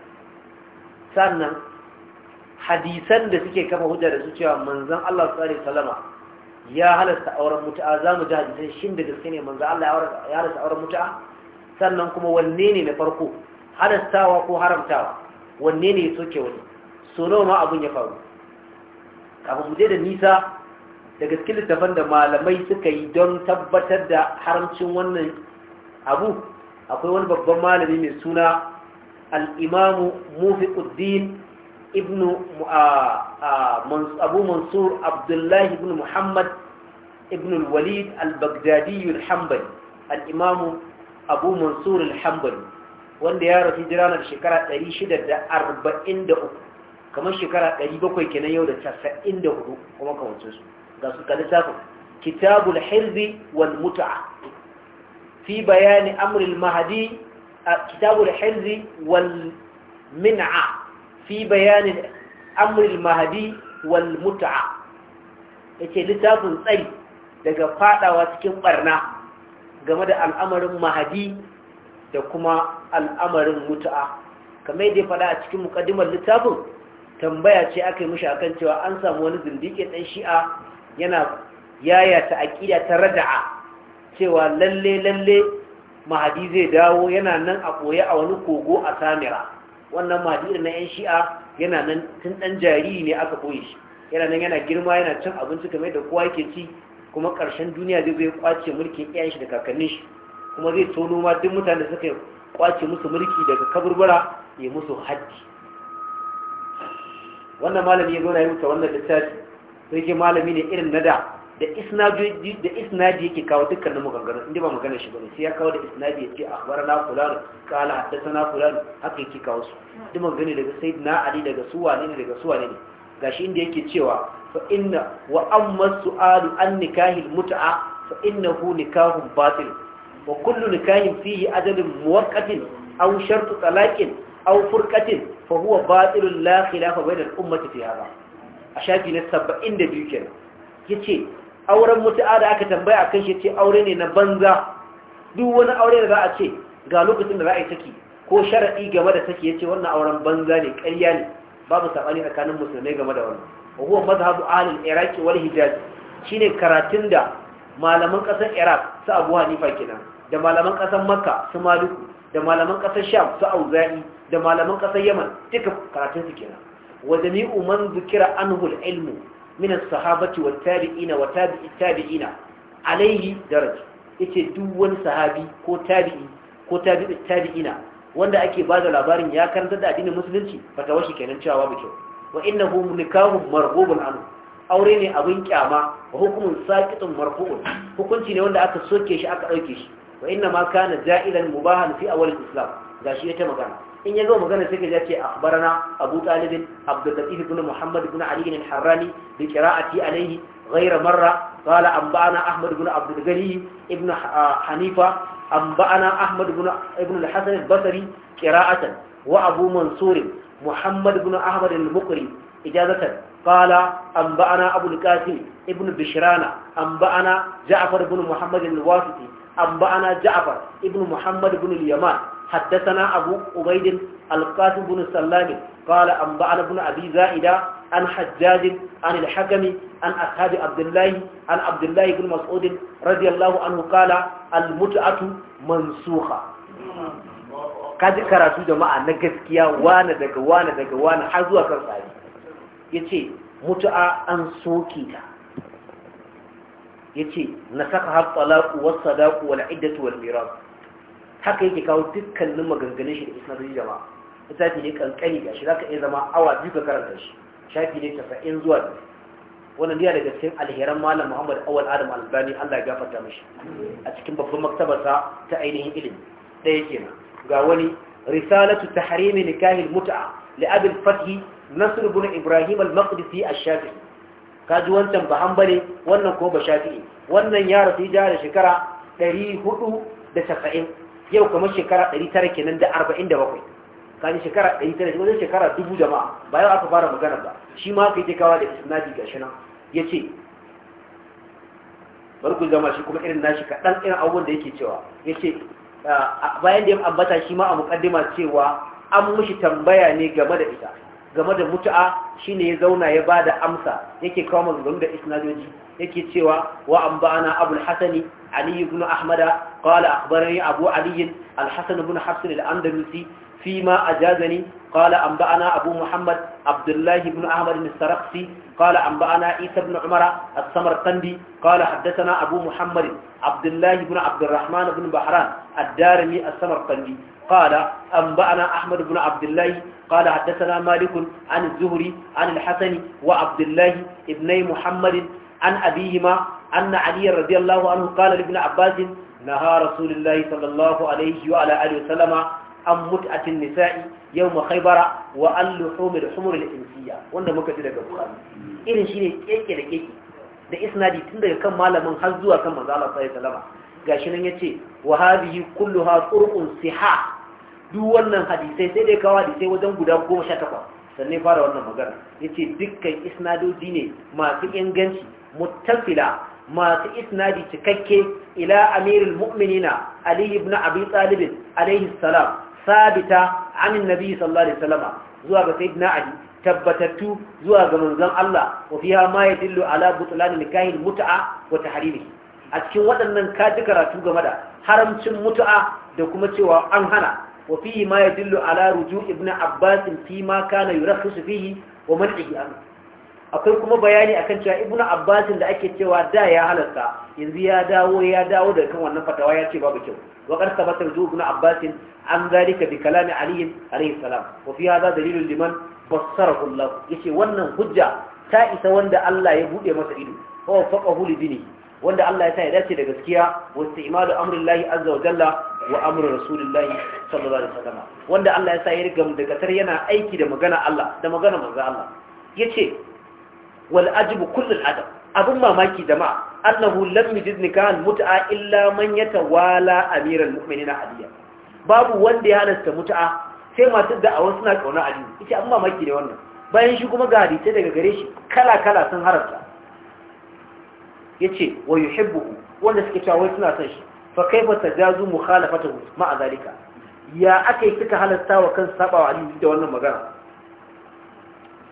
sannan hadisan da suke kafa hujja da su cewa manzon Allah sallallahu alaihi wasallama ya halasta auren mutu'a za mu ji hadisan shin da gaske ne manzon Allah ya halasta auren mutu'a sannan kuma wanne ne na farko halastawa ko haramtawa wanne ne ya soke wani so nawa ma abin ya faru kafin mu je da nisa da gaske littafan da malamai suka yi don tabbatar da haramcin wannan abu akwai wani babban malami mai suna al'imamu mufiquddin ibn abu mansur abdullahi ibn muhammad ibn walid al-baghdadi al-hambali al'imamu abu mansur al-hambali wanda ya rasu jiranar shekara 643 kamar shekara 700 kenan yau da 94 kuma kawancinsu ga su ka lissafin kitabul hirzi wal muta'a fi bayani amril mahadi a kitabul hilzi wal min'a fi bayani amril mahadi wal mut'a yace littafin tsari daga fadawa cikin barna game da al'amarin mahadi da kuma al'amarin mutu'a kamar yadda ya faɗa a cikin mukaddimar littafin tambaya ce aka yi mishi akan cewa an samu wani zindike ɗan shi'a yana yaya ta aƙida ta rada'a cewa lalle lalle mahadi zai dawo yana nan a koye a wani kogo a samira wannan mahadi irin na 'yan shi'a yana nan tun ɗan jariri ne aka koyi shi yana nan yana girma yana cin abinci kamar da kowa yake ci kuma ƙarshen duniya zai zai kwace mulkin iyayen shi da kakannin shi kuma zai tono ma duk mutane da suka kwace musu mulki daga kaburbura ya musu haddi wannan malami ya zo na yi wuta wannan littafi sai ke malami ne irin na da da isnadi yake kawo dukkanin maganganu inda ba magana shi bane sai ya kawo da isnadi yake yace akhbarana fulan haddasa na fulan haka yake kawo su duk magani daga sai na ali daga suwa ne daga suwa ne gashi inda yake cewa fa inna wa amma su'alu an nikahil muta'a fa innahu nikahun batil wa kullu nikahin fihi ajalun muwaqqatin aw shartu talaqin aw furqatin fa huwa batilun la khilafa bainal ummati fi hadha a shafi na 72 kenan yace auren mutu'a da aka tambaya kan shi ce aure ne na banza duk wani aure da za a ce ga lokacin da za a yi saki ko sharaɗi game da saki yace wannan auren banza ne ƙarya ne babu sabani tsakanin musulmai game da wannan Hukumar mazhabu madhhabu ahli iraq wal hijaz shine karatun da malaman ƙasar iraq su abu hanifa kenan da malaman ƙasar makka su maliku da malaman ƙasar sham su auza'i da malaman ƙasar yaman duka karatun su kenan wa jami'u man dhukira anhu al ilmu min as-sahabati wat tabi'ina wa tabi'it tabi'ina alaihi daraja yace duk wani sahabi ko tabi'i ko tabi'it tabi'ina wanda ake ba da labarin ya karanta da addinin musulunci fatawa shi kenan cewa babu kyau wa innahu nikahun marhubun anhu aure ne abin kyama wa hukumun saqitun marfu'un hukunci ne wanda aka soke shi aka dauke shi wa inna ma kana ja'ilan mubahan fi awal islam gashi ya ta magana in ya zo magana sai ka ja ce akhbarana abu talib abdul latif ibn muhammad ibn ali ibn harrani bi qira'ati alayhi ghayra marra qala anba'ana ahmad ibn abdul ghani ibn ah, hanifa anba'ana ahmad ibn ibn al-hasan al-basri qira'atan wa abu mansur muhammad ibn ahmad al-muqri ijazatan قال أنبأنا أبو القاسم ابن بشرانة أنبأنا جعفر بن محمد الواسطي أنبأنا جعفر ابن محمد بن اليمان حدثنا أبو عبيد القاسم بن السلام قال أنبأنا بن أبي زائدة عن حجاج عن الحكم عن أصحاب عبد الله عن عبد الله بن مسعود رضي الله عنه قال المتعة منسوخة kaji karatu jama'a na gaskiya wane daga wane daga wane har zuwa kan tsari ya ce mutu'a an soke ta ya ce na saka har talaku wasu sadaku wani iddatu wal miras haka yake kawo dukkanin maganganun shi da isnadun jama'a littafi ne kankani ga shi za ka iya zama awa biyu ka karanta shi shafi ne tafa'in zuwa biyu wannan yana daga cikin alheran malam muhammad awal adam albani allah ya gafarta mashi a cikin babban maktabarsa ta ainihin ilimi ɗaya kenan ga wani risalatu tahrimi nikahil mut'a li abul fathi nasr ibn ibrahim al-maqdisi ash-shafi'i kaji wancan ba hanbali wannan ko ba shafi'i wannan ya rasu ya da shekara 470 yau kamar shekara 900 kenan da 47 kan shekara 900 wajen shekara dubu jama'a ba yau aka fara magana ba shi ma aka yi kawa da isnadi gashi nan ya ce barku zama shi kuma irin nashi kaɗan irin abubuwan da yake cewa ya ce bayan da ya ambata shi ma a mukaddima cewa an mushi tambaya ne game da ita game da mutu'a shine ya zauna ya ba da amsa yake kawo maganganu da isnadoji yake cewa wa an ana abul hasani علي بن أحمد قال أخبرني أبو علي الحسن بن حفص الأندلسي فيما أجازني قال أنبأنا أبو محمد عبد الله بن أحمد السرقسي قال أنبأنا عيسى بن عمر السمرقندي قال حدثنا أبو محمد عبد الله بن عبد الرحمن بن بحران الدارمي السمرقندي قال أنبأنا أحمد بن عبد الله قال حدثنا مالك عن الزهري عن الحسن وعبد الله ابني محمد عن أبيهما anna ali radiyallahu anhu qala li ibn abbas naha rasulullahi sallallahu alaihi wa ala alihi wasallama an mut'atin nisa'i yawm khaybara wa an luhumil humur al insiya wanda muka ji daga bukhari irin shine keke da keke da isnadi tun daga kan malamin har zuwa kan manzo Allah sallallahu alaihi wasallama gashi nan yace wa hadhihi kulluha turqun sihah duk wannan hadisai sai dai kawo hadisai wajen guda goma sha takwas sannan fara wannan magana ya ce dukkan isnadoji ne masu inganci mutafila masu isnadi cikakke ila amirul mu'minina ali ibn abi talib alayhi salam sabita anin nabi sallallahu alaihi wasallam zuwa ga sayyidina ali tabbatattu zuwa ga manzon Allah wa fiha ma yadullu ala butlan nikahil mut'a wa tahrimi a cikin waɗannan kaji karatu game da haramcin mutu'a da kuma cewa an hana wa fihi ma yadullu ala ruju' ibn abbas fi ma kana yurakhisu fihi wa man'ihi anhu akwai kuma bayani akan cewa ibnu abbasin da ake cewa da ya halarta yanzu ya dawo ya dawo da kan wannan fatawa ya ce babu kyau wa qad sabata ibnu abbasin an zalika bi kalami ali alayhi salam wa fi hadha dalilun liman bassarahu allah yace wannan hujja ta isa wanda Allah ya bude masa ido wa faqahu li dini wanda Allah ya sa ya dace da gaskiya wa istimalu amrillahi azza wa jalla wa amru rasulillahi sallallahu alaihi wasallam wanda Allah ya sa ya riga daga tar yana aiki da magana Allah da magana manzo Allah yace wal'ajibu ajibu kullul adam abin mamaki jama'a annahu lam yujid nikahan mut'a illa man yatawala amiran mu'minina aliya babu wanda ya halasta mut'a sai masu da'awa suna kauna aliyu ita abin mamaki ne wannan bayan shi kuma ga hadisai daga gare shi kala kala sun haramta yace wa yuhibbuhu wanda suke cewa wai suna son shi fa kaifa tajazu mukhalafatahu ma'a zalika ya akai suka halasta wa kan saba wa aliyu da wannan magana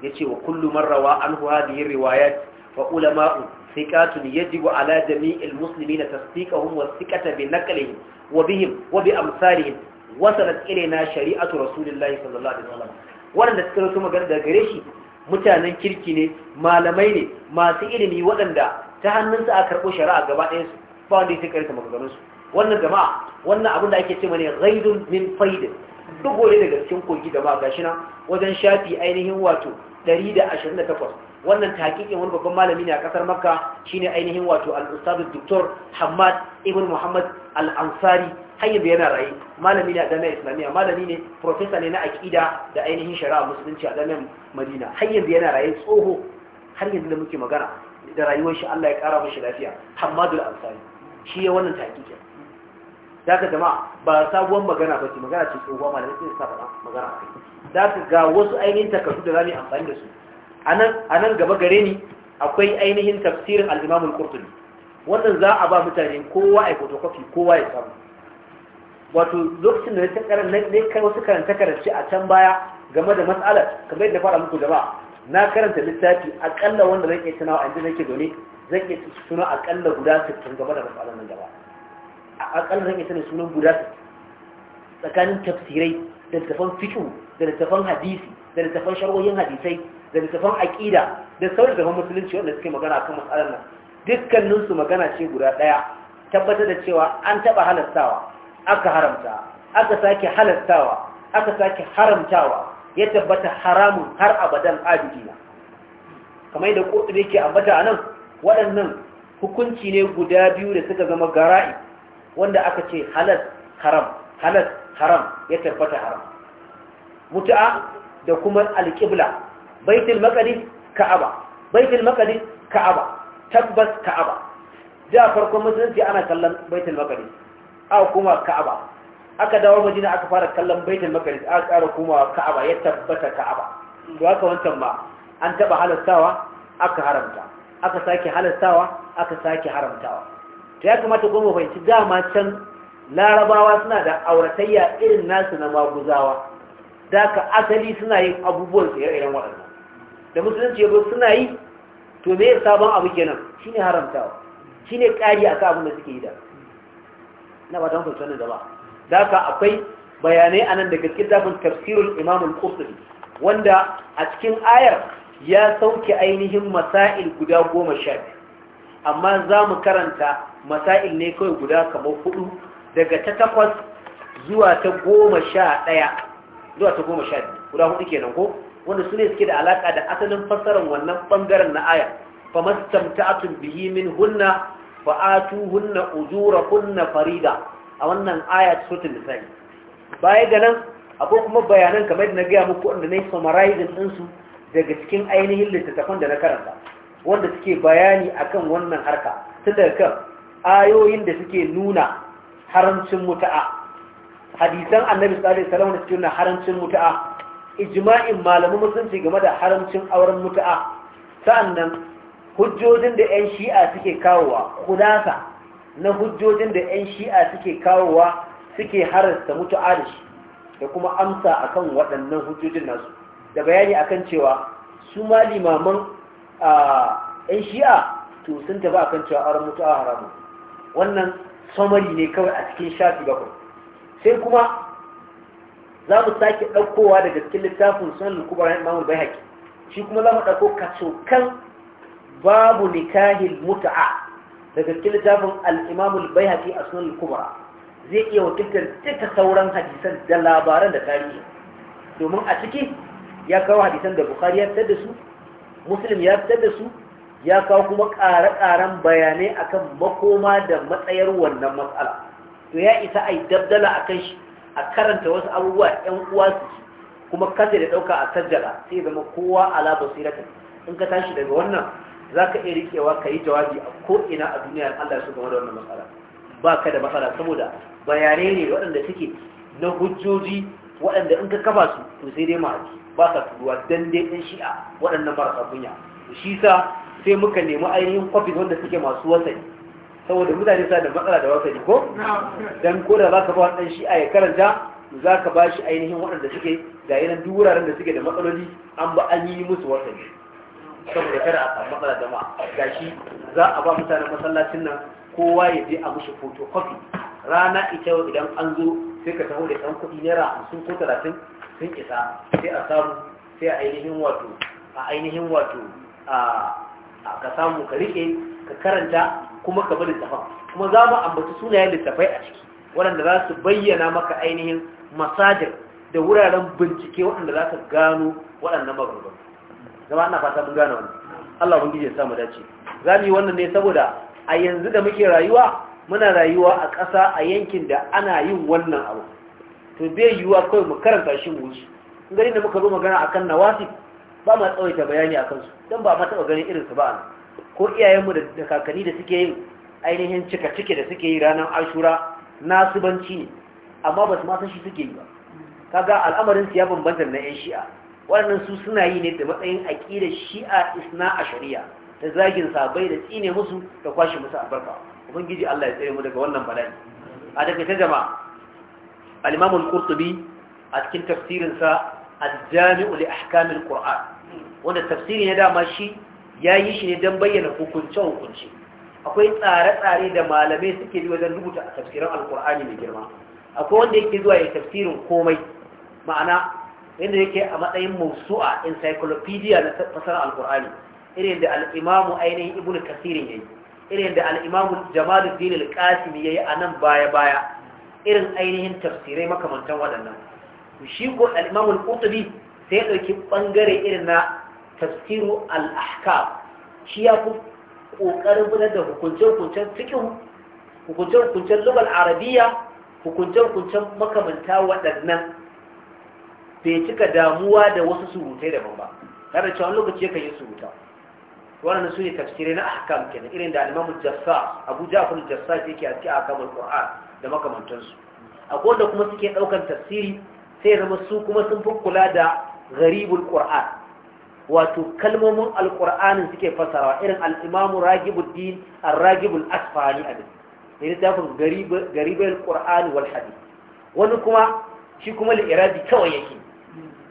Ya ce wa kullu man rawa anhu hadhihi riwayat fa ulama'u thiqatun yajibu ala jami'il muslimina tasdiqahum wa thiqata bi naqlihim wa bihim wa bi amsalihim na ilaina shari'atu rasulillahi sallallahu alaihi wasallam wanda suka rasu magana daga gare shi mutanen kirki ne malamai ne masu ilimi waɗanda ta hannunsa a karɓo shari'a gaba ɗaya su ba wanda ya sai karanta maganganunsu wannan jama'a wannan abin da ake ce mane ghaidun min faidin Duk ne daga cikin kogi da ba gashi nan wajen shafi ainihin wato 128 wannan takikin wani babban malami ne a kasar makka shine ainihin wato al-ustad dr hamad ibn muhammad al-ansari hayya da yana raye malami ne a jami'ar islamiyya malami ne profesa ne na aƙida da ainihin shari'a musulunci a jami'ar madina hayya da yana raye tsoho har yanzu da muke magana da rayuwar shi Allah ya kara mashi lafiya hamadul ansari shi ya wannan takikin da ka jama'a ba sabuwar magana ba ce magana ce tsohuwa malamai sai sa faɗa magana a kai da ka ga wasu ainihin takardu da za mu yi amfani da su a nan gaba gare ni akwai ainihin tafsirin al'imamul kurtubi wannan za a ba mutane kowa a fotokofi kowa ya samu wato lokacin da na kai wasu karanta karance a can baya game da matsalar kamar yadda fara muku jama'a na karanta littafi akalla wanda zan iya tunawa a yanzu nake zaune zan iya tuna akalla guda 60 game da matsalar nan gaba a akalla sunan guda tsakanin tafsirai da littafan fiqh da littafan hadisi da littafan sharhohin hadisai da littafan aqida da sauran littafan musulunci wanda suke magana kan matsalar nan su magana ce guda ɗaya tabbatar da cewa an taɓa halastawa aka haramta aka sake halastawa aka sake haramtawa ya tabbata haramun har abadan abidina kamar da kotu da yake ambata a nan waɗannan hukunci ne guda biyu da suka zama gara'i wanda aka ce halal haram halal haram ya tabbata haram mutu'a da kuma alƙibla baitul maqdis ka'aba baitul maqdis ka'aba tabbas ka'aba da farkon musulunci ana kallon baitul maqdis a kuma ka'aba aka dawo madina aka fara kallon baitul maqdis aka ƙara kuma ka'aba ya tabbata ka'aba to haka wancan ma an taba halastawa aka haramta aka sake halastawa aka sake haramtawa to ya kamata kuma fahimci dama can larabawa suna da auratayya irin nasu na maguzawa da ka asali suna yin abubuwan su irin waɗanda waɗannan da musulunci ya suna yi to me sabon abu kenan shine haramtawa shine ƙari kan abin da suke yi da ina ba ta hankali wannan da ba da ka akwai bayanai anan da gaske zafin tafsirul imam al-qurtubi wanda a cikin ayar ya sauke ainihin masail guda goma sha biyu amma za mu karanta masail ne kawai guda kamar hudu daga ta takwas zuwa ta goma sha zuwa ta goma biyu guda hudu kenan ko wanda su ne suke da alaka da asalin fassarar wannan bangaren na aya fa mastamta'atun bihi min hunna fa ujura hunna farida a wannan aya ta da sai baya ga nan akwai kuma bayanan kamar da na gaya muku wanda na yi summarizing ɗinsu daga cikin ainihin littattafan da na karanta wanda suke bayani akan wannan harka tun daga kan ayoyin da suke nuna harancin mutu'a hadisan annabi sallallahu alaihi wasallam da suke nuna harancin mutu'a ijma'in malaman musulunci game da harancin auren mutu'a sa'annan hujjojin da yan shi'a suke kawowa kudasa na hujjojin da yan shi'a suke kawowa suke harasta mutu'a da shi da kuma amsa akan waɗannan hujjojin nasu da bayani akan cewa su ma limaman yan shi'a to sun tafi akan cewa auren mutu'a haramun wannan samari ne kawai a cikin shafi bakwai sai kuma za mu sake ɗaukowa daga cikin littafin sunan kubra na imamul shi kuma za mu ɗauko kan babu nikahil muta'a daga cikin littafin al-imamul a sunan kubra zai iya wakiltar duka sauran hadisan da labaran da tarihi domin a ciki ya kawo hadisan da bukari ya fitar da su muslim ya fitar da su ya kawo kuma ƙare-ƙaren bayanai akan makoma da matsayar wannan matsala to ya isa a yi dabdala a kan shi a karanta wasu abubuwa ‘yan uwa su ci kuma kasa da ɗauka a sajjala sai zama kowa ala basirata in ka tashi daga wannan za ka iya riƙewa ka yi jawabi a ko'ina a duniyar allah su game da wannan matsala ba ka da matsala saboda bayanai ne waɗanda suke na hujjoji waɗanda in ka kafa su to sai dai ma'aji ba ka turuwa dan dai shi'a waɗannan marasa kunya shi sa sai muka nemi ainihin kwafis wanda suke masu wasani saboda mutane sa da matsala da wasani ko dan ko da ka ba wannan shi a ya karanta za ka ba shi ainihin waɗanda suke ga yanar duk da suke da matsaloli an ba an yi musu wasani saboda kada a samu matsala jama'a ga shi za a ba mutanen masallacin nan kowa ya je a mushi kwafi rana ita idan an zo sai ka taho da ɗan kuɗi naira hamsin ko talatin sun isa sai a samu sai a ainihin wato a ainihin wato a ka samu ka rike ka karanta kuma ka bi littafin kuma za mu ambaci sunayen littafai a ciki waɗanda za su bayyana maka ainihin masajir da wuraren bincike waɗanda za su gano waɗannan magungun. zama ana fata mun gane wani. Allah mun gije samu dace za mu yi wannan ne saboda a yanzu da muke rayuwa muna rayuwa a ƙasa a yankin da ana yin wannan abu to bai yiwuwa kawai mu karanta shi mu wuce gari da muka zo magana akan nawasi ba ma tsawaita bayani a kansu don ba ma taɓa ganin irinsu ba ko iyayenmu da kakanni da suke yin ainihin cika cike da suke yi ranar ashura nasubanci ne amma ba su ma shi suke yi ba kaga al'amarin su ya bambanta na 'yan shi'a waɗannan su suna yi ne da matsayin aƙidar shi'a isna a shari'a da zagin sabai da tsine musu da kwashe musu albarka ubangiji Allah ya tsaye mu daga wannan bala'i a daga ta jama'a al-imam a cikin tafsirinsa al-jami'u li ahkamil Kur'an. quran wanda tafsiri na dama shi ya yi shi ne don bayyana hukunce-hukunce akwai tsare-tsare da malamai suke bi wajen rubuta a tafsirin alkur'ani mai girma akwai wanda yake zuwa ya tafsirin komai ma'ana yadda yake a matsayin musu'a encyclopedia na fasar alkur'ani irin da al'imamu ainihin ibn kasirin yayi irin da al'imamu dinil kasim ya yi a nan baya-baya irin ainihin tafsirai makamantan waɗannan shi ko al'imamu sai ya ɗauki ɓangare irin na tafsiru al-ahkam shi ya fi ƙoƙarin gudanar da hukunce-hukuncen cikin hukunce-hukuncen lugar arabiya hukunce-hukuncen makamanta waɗannan bai cika damuwa da wasu surutai daban ba tare da cewa lokaci ya yi suruta wannan su ne tafsirai na ahkam kenan irin da alimamu jassa abu jafar jassa ce ke aski a kamar quran da makamantansu akwai wanda kuma suke ɗaukar tafsiri sai zama su kuma sun fi kula da gharibul qur'an wato kalmomin alqur'anin suke fasarawa irin al-imam ragibuddin ar-ragibul asfani abin ta littafin garibul qur'an wal hadith wani kuma shi kuma al kawai yake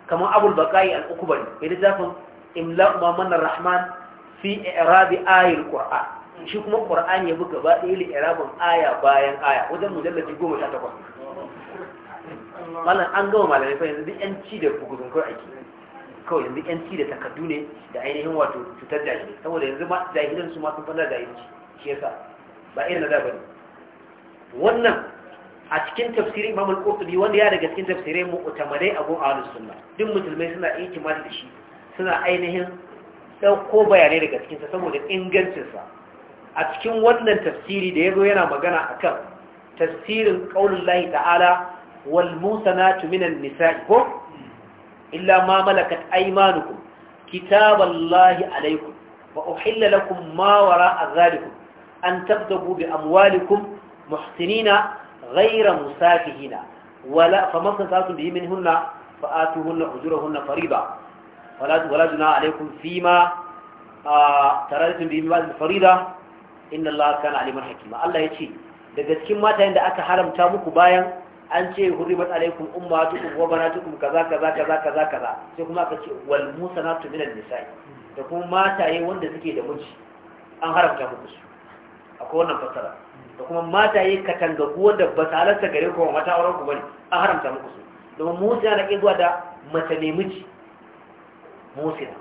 kamar abul baqai al-ukbari ne littafin imla umman rahman fi i'rabi ayatul qur'an shi kuma qur'ani ya buga gaba ɗaya li aya bayan aya wajen sha takwas. wannan an gama malamai fa yanzu duk yanci da bugudun kawai ake kawai yanzu yanci da takardu ne da ainihin wato cutar jahili saboda yanzu ma jahilan su ma sun da yanci shi yasa ba irin na da wannan a cikin tafsirin Imam al-Qurtubi wanda ya daga cikin mu mu'tamadai a gun ahlus sunna duk musulmai suna ikimani da shi suna ainihin ko bayanai daga cikin sa saboda ingancin sa a cikin wannan tafsiri da yazo yana magana akan tafsirin qaulul lahi ta'ala wal musanatu minan nisa'i ko illa ma malakat aymanukum kitaballahi alaykum wa uhilla lakum ma wara'a dhalikum an tabtagu bi amwalikum musinina raira musafihina wala faman tasatu bihi minhunna fa'atuhunna ujurahunna fariba wala wala juna alaykum fima taradtum bihi min farida inna allaha kana aliman hakima Allah yace daga cikin matayen da aka haramta muku bayan an ce hurrimat alaikum ummatukum wa banatukum kaza kaza kaza kaza kaza sai kuma aka ce wal musanatu minan nisa'i da kuma mataye wanda suke da miji an haramta muku su akwai wannan fasara da kuma mataye katangagu wanda ba sa halatta gare ku mata auren ku bane an haramta muku su domin musina na ke zuwa da mace ne miji musina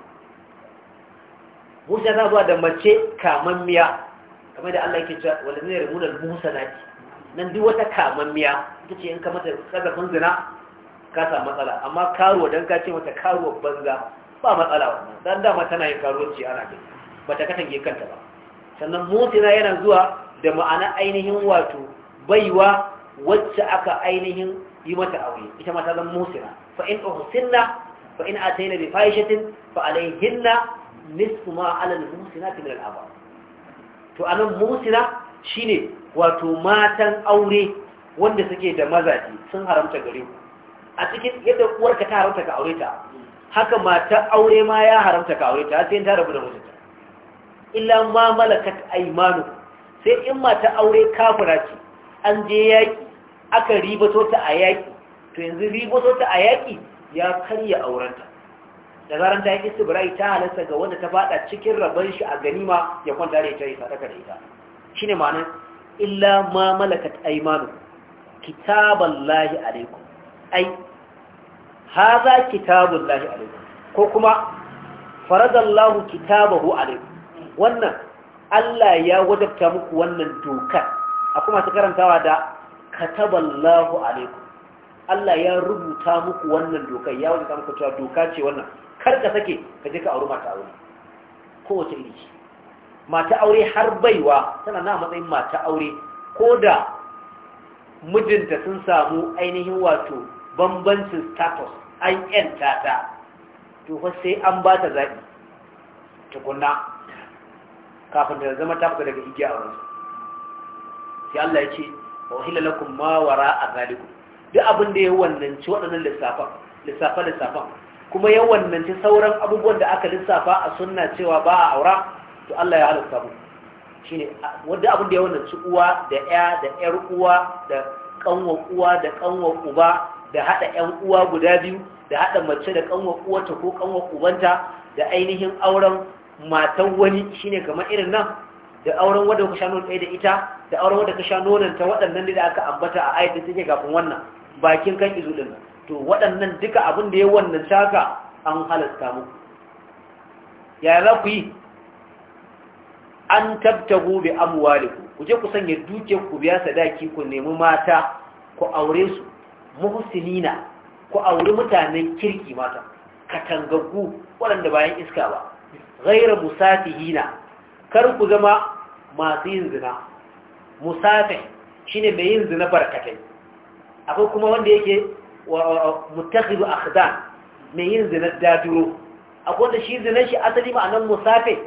musina ta zuwa da mace kamammiya kamar da Allah yake cewa walazina yarmuna al-musanati nan duk wata kamammiya ita ce in ka mata kazafin zina ka samu matsala amma karuwa don ka ce mata karuwa banza ba matsala wannan dan dama tana yin ce ana ce ba ta katange kanta ba sannan mutina yana zuwa da ma'ana ainihin wato baiwa wacce aka ainihin yi mata aure ita ma ta zama mutina fa in uhsinna fa in ataina bi fahishatin fa alayhinna nisfu ma ala al min al-aba to anan shine wato matan aure wanda suke da mazaje sun haramta gare ku a cikin yadda uwarka ta haramta ka aure ta haka matan aure ma ya haramta ka aure ta sai ta rabu da mijinta illa ma malakat aymanu sai in mata aure kafira ce an je yaki aka ribato ta a yaki to yanzu ribato ta a yaki ya karya aurenta da zaran ta yi istibrai ta halasta ga wanda ta fada cikin rabon shi a ganima ya kwanta da ita ya sadaka da ita ne ma'anar illa ma malakat aymanu lahi alaikum ai haza lahi alaikum ko kuma faradallahu kitabahu alaikum wannan Allah ya wajabta muku wannan dokar a kuma ta karantawa da kataballahu alaikum Allah ya rubuta muku wannan dokar ya wajabta muku cewa doka ce wannan kar ka sake ka je ka auri mata aure kowace iri ce mata aure har baiwa tana na matsayin mata aure ko da mijinta sun samu ainihin wato bambancin status an yanta ta tufa sai an ba ta zaɓi tukuna kafin da zama ta daga igiya a sai Allah ya ce wa wahila lakum ma a duk abin da ya wannanci waɗannan lissafa lissafa lissafan kuma ya wannanci sauran abubuwan da aka lissafa a sunna cewa ba a aura to Allah ya halatta mu shine wanda abin da ya wannan ci uwa da ya da yar uwa da kanwa uwa da kanwa uba da hada yan uwa guda biyu da hada mace da kanwa uwarta ko kanwa ubanta da ainihin auren matan wani shine kamar irin nan da auren wadda ka sha nonon ɗaya da ita da auren wadda ka sha nonon ta waɗannan da aka ambata a ayatin take kafin wannan bakin kan izu din to waɗannan duka abin da ya wannan saka an halasta mu ya za ku yi an tabtahu bi amwalikum ku je ku sanya duke ku biya sadaki ku nemi mata ku aure su muhsinina ku aure mutanen kirki mata katangaggu waɗanda bayan iska ba ghairu musafihina kar ku zama masu yin zina musafi shine mai yin zina barkatai akwai kuma wanda yake mutakhidu akhdan mai yin zina daduro akwai wanda shi zinan shi asali ma'anar musafi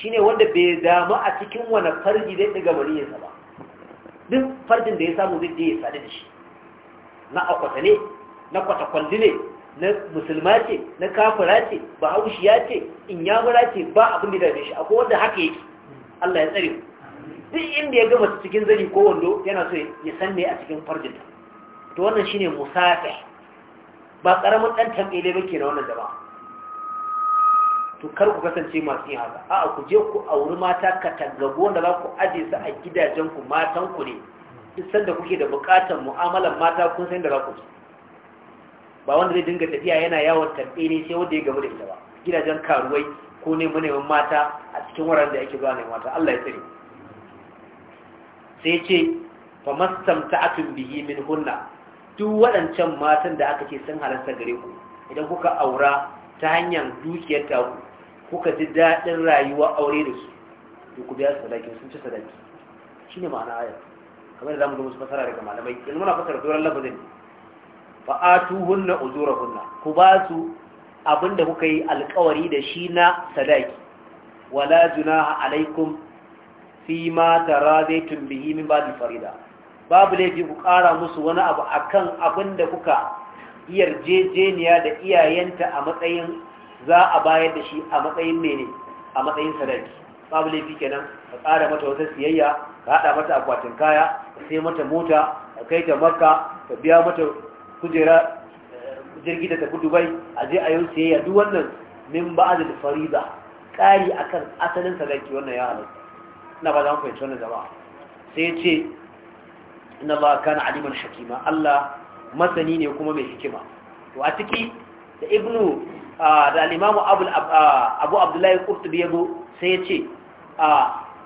shine wanda bai dama a cikin wani farji zai ɗiga maniyinsa ba duk farjin da ya samu zai ɗaya sadar da shi na akwata ne na kwatakwalli ne na musulma ce na kafira ce ba haushiya ce in yamura ce ba abin da dame shi akwai wanda haka yake Allah ya tsare duk inda ya gama cikin zari ko wando yana so ya san ne a cikin farjin to wannan shine musafi ba karamin dan ba bake na wannan jama'a to kar ku kasance masu yin haka a'a ku je ku auri mata ka tangabu wanda za ku aje su a gidajen ku matan ku ne duk sanda kuke da bukatar mu'amalar mata kun san da za ku ba wanda zai dinga tafiya yana yawon tambaye ne sai wanda ya gamu da ita ba gidajen karuwai ko ne neman mata a cikin wuraren da ake zuwa neman mata Allah ya tsare sai ce fa mastamta'atun bihi min hunna duk waɗancan matan da aka ce sun halarta gare ku idan kuka aura ta hanyar dukiyar ta ku. kuka ji daɗin rayuwa aure da su to ku biya sadaki sun ci sadaki shine ma'ana ayar kamar da zamu ga musu fasara daga malamai in muna fasara sauran lafazin fa atuhunna ujurahunna ku ba su abinda kuka yi alƙawari da shi na sadaki wala junaha alaikum fi ma taradaitum bihi min ba'di farida babu laifi ku ƙara musu wani abu akan abin da kuka yarjejeniya da iyayenta a matsayin za a bayar da shi a matsayin mene a matsayin sadaki babu laifi kenan ka tsara mata wata siyayya ka haɗa mata akwatin kaya ka sai mata mota ka kai ta makka ka biya mata kujera eh, jirgi da tafi dubai a je a yi siyayya duk wannan min ba da fariza ƙari akan asalin sadaki wannan ya halatta ina ba za mu fahimci wannan jama'a sai ya ce inna Allah kana aliman hakima Allah masani ne kuma mai hikima to a ciki da ibnu da al'imamu abu abdullahi kurtubi ya zo sai ya ce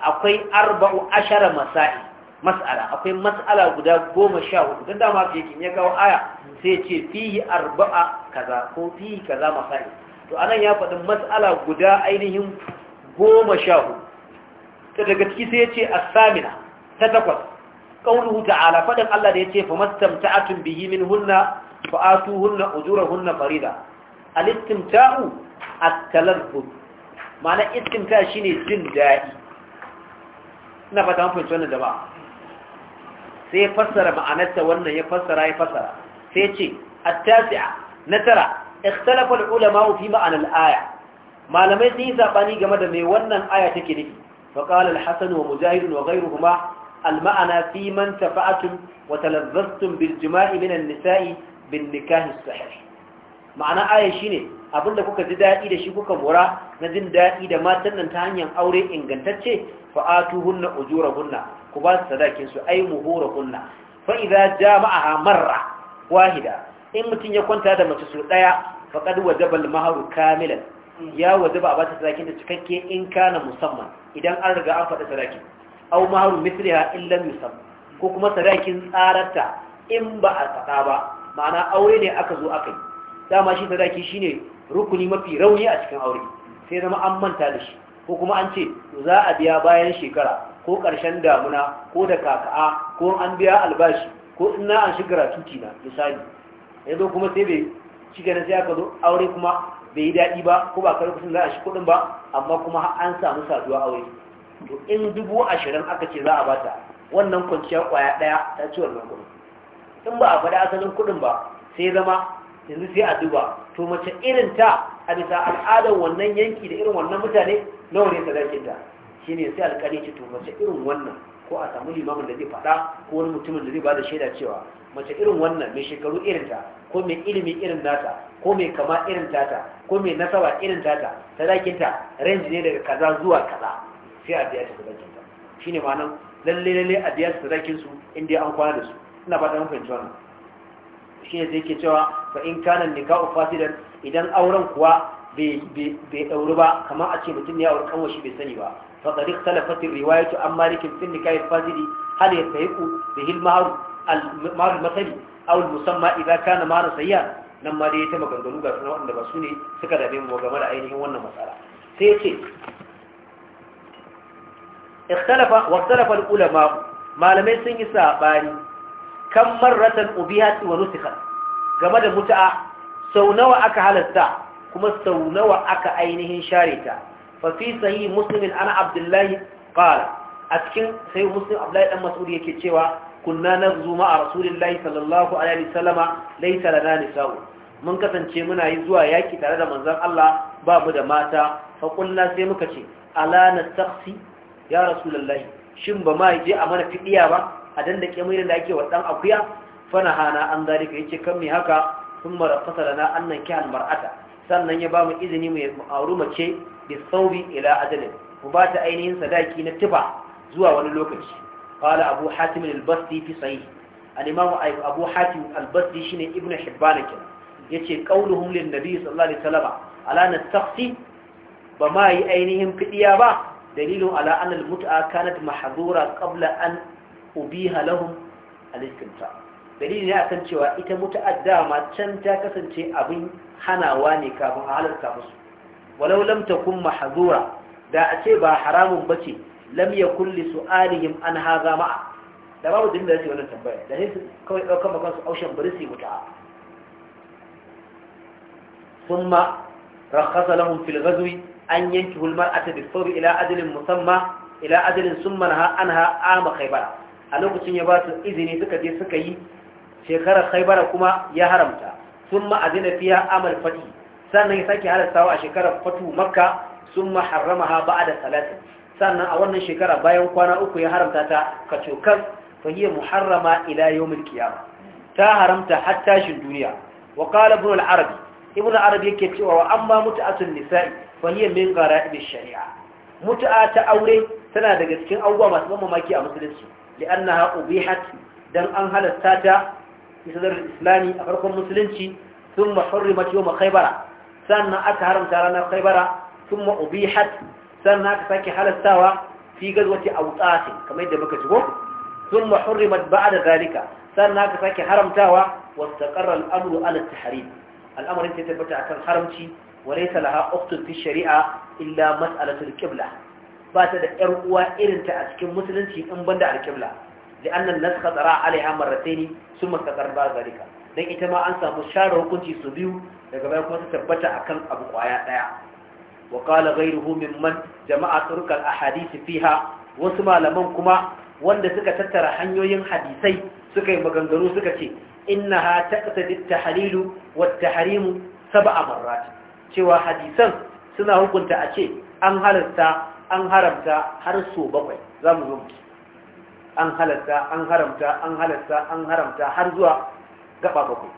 akwai arba'u ashara masa'i mas'ala akwai mas'ala guda goma sha hudu don dama su yake ya kawo aya sai ya ce fiye arba'a kaza ko fiye kaza masa'i to anan ya faɗi mas'ala guda ainihin goma sha hudu ta daga ciki sai ya ce a samina ta takwas ƙaunuhu ta'ala faɗin Allah da ya ce fa mastamta'atun bihi min hunna fa atu hunna farida al-istimta'u at-talaffuz ma'ana istimta shine jin daɗi na fata mun fahimci wannan sai fassara ma'anarta wannan ya fassara ya fassara sai ce a tasia na tara ikhtalafa al-ulama fi ma'anar aya malamai sun yi saɓani game da mai wannan aya take nufi wa qala al wa mujahid wa gairu al-ma'ana fi man tafa'atum wa talazzastum bil jima'i min nisai bin nikahi as-sahih ma'ana aya shine abinda kuka ji daɗi da shi kuka mura na jin daɗi da matan nan ta hanyar aure ingantacce fa ujura ujurahunna ku ba su sadakin su ay hunna fa idza jama'aha marra wahida in mutun ya kwanta da mace su daya faqad wajaba al-mahru kamilan ya wajaba a ta sadakin da cikakke in kana musamman idan an riga an faɗi sadaki. aw mahru mithliha illa musamman ko kuma sadakin tsararta in ba a tsada ba ma'ana aure ne aka zo aka yi dama shi shi shine rukuni mafi rauni a cikin aure sai zama an manta da shi ko kuma an ce za a biya bayan shekara ko ƙarshen damuna ko da kaka'a ko an biya albashi ko ina an shiga ratuti na misali ya zo kuma sai bai shiga na sai aka zo aure kuma bai yi daɗi ba ko ba kar kusan za a shi kuɗin ba amma kuma an samu saduwa aure to in dubu ashirin aka ce za a bata wannan kwanciyar kwaya ɗaya ta ci wannan kuɗin in ba a faɗi asalin kuɗin ba sai zama yanzu sai a duba to mace irin ta a bisa al'adar wannan yanki da irin wannan mutane nawa ne sadakinta? ta shine sai alƙali ce to mace irin wannan ko a samu limamin da zai faɗa ko wani mutumin da zai bada shaida cewa mace irin wannan mai shekaru irin ta ko mai ilimi irin nata ko mai kama irin tata ko mai nasaba irin tata sadakin ta range ne daga kaza zuwa kaza sai a biya ta sadakin ta shine ma'anar lalle lalle a biya sadakin su inda an kwana da su ina fata mun fahimci wannan shi ne sai ke cewa fa in kana nikahu fasidan idan auren kuwa bai dauri ba kamar a ce mutum ne ya aure kanwashi bai sani ba fa qad ikhtalafat riwayatu an malikin fi nikahi fasidi hal yastahiqu bihi al-mahr al-mahr al-masali aw al kana mara sayyan nan ma dai taɓa maganganu ga suna waɗanda ba su ne suka dabe mu game da ainihin wannan matsala sai ya ce ikhtalafa wa ikhtalafa al-ulama malamai sun yi sabani kan marratan ubihat wa nusikhat game da mutu'a sau nawa aka halasta kuma sau nawa aka ainihin share ta fa fi sahih muslim ana abdullahi qala a cikin sahih muslim abdullahi dan mas'ud yake cewa kunna nazu ma rasulillahi sallallahu alaihi wasallama laysa lana nisa'u mun kasance muna yi zuwa yaki tare da manzon Allah ba mu da mata fa kullu sai muka ce ala nastaghfi ya rasulullahi shin ba ma je a mana fidiya ba a dandake mai da ake wa ɗan akuya fana hana an zalika yace kan mai haka sun mara fasalana annan kihal mar'ata sannan ya ba mu izini mai auri mace bi saubi ila adalin mu ba ta ainihin sadaki na tiba zuwa wani lokaci fala abu hatim al fi sahih al abu hatim al-basti shine ibnu hibban Ya ce ƙaunuhun lin nabi sallallahu alaihi salama. ala taksi. ba ma yi ainihin fidiya ba Dalilin ala anna al-mut'a kanat mahadura qabla an ubiha lahum al-istimta dalili ne akan cewa ita mutu dama can ta kasance abin hanawa ne kafin a halarta musu walau lam takun mahzura da a ce ba haramun bace lam yakun li su'alihim an haza ma'a da babu dalilin da zai wannan tambaya da sai kawai daukar su aushen bari su yi mutu'a thumma rakhasa lahum fil ghazwi an yankihu hulmar marata bi thawb ila adlin musamma ila adlin summa naha anha ama khaybara a lokacin ya ba su izini suka je suka yi shekarar haibara kuma ya haramta sun ma'azina fiya amal fati sannan ya sake halastawa a shekarar fatu makka sun maharrama ha ba'a da salatin sannan a wannan shekara bayan kwana uku ya haramta ta kacokan fahiyar muharrama ila mulki yawa ta haramta hatta tashin duniya wa kala ibn al'arabi ibn al'arabi yake cewa wa amma mutu'atun nisa'i fahiyar min ibi shari'a mutu'a ta aure tana daga cikin abubuwa masu mamaki a musulunci لأنها أبيحت دم أنهل الساتة في صدر الإسلامي أفرق المسلمين ثم حرمت يوم خيبرة سنة أكهرم تارانا خيبرة ثم أبيحت سنة أكساكي حال الساوة في غزوة أوطات كما يدبك تقول ثم حرمت بعد ذلك سنة أكساكي حرم تاوة واستقر الأمر على التحريم الأمر انت تبتع كان حرمتي وليس لها أخت في الشريعة إلا مسألة الكبلة ba ta da ƴar uwa irin ta a cikin musulunci in banda alƙibla li'anna annan naskha tsara alaiha marratayn thumma taqarraba zalika dan ita ma an samu share hukunci su biyu daga baya kuma ta tabbata akan abu kwaya daya wa qala ghayruhu mimman jama'a turkal ahadith fiha wasu malaman kuma wanda suka tattara hanyoyin hadisai suka yi maganganu suka ce innaha taqtadi at-tahlilu wat-tahrimu sab'a marrat cewa hadisan suna hukunta a ce an halarta an haramta har so bakwai za mu zo an halatta an haramta an halatta an haramta har zuwa gaba bakwai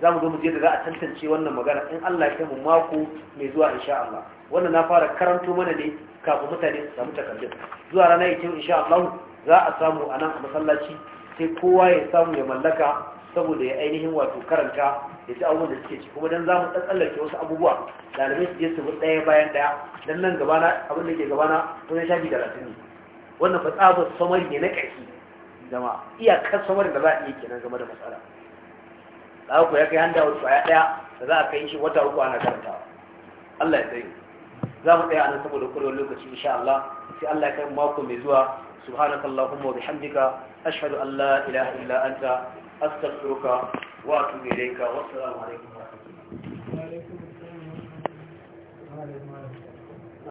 za mu zo mu je da za a tantance wannan magana in Allah ya mu mako mai zuwa insha Allah wannan na fara karanto mana ne kafin mutane su samu takardun zuwa ranar yake insha Allah za a samu a nan a masallaci sai kowa ya samu ya mallaka saboda ya ainihin wato karanta ya ci abubuwan da suke ci kuma don za mu tsallake wasu abubuwa ɗalibai su je su ɗaya bayan ɗaya don nan gabana abin da ke gabana wani shafi da ne wannan fa tsabar samari ne na ƙarfi zama iyakar samar da za a iya kenan game da matsala za ku ya kai handa wasu ɗaya ɗaya da za a kai shi wata uku ana karanta. Allah ya tsaye za mu tsaya a nan saboda kurewar lokaci insha Allah sai Allah ya kai mako mai zuwa subhanakallahumma wa bihamdika ashhadu an la ilaha illa anta astaghfiruka wa atubu ilayka wassalamu alaikum wa rahmatullahi wa barakatuh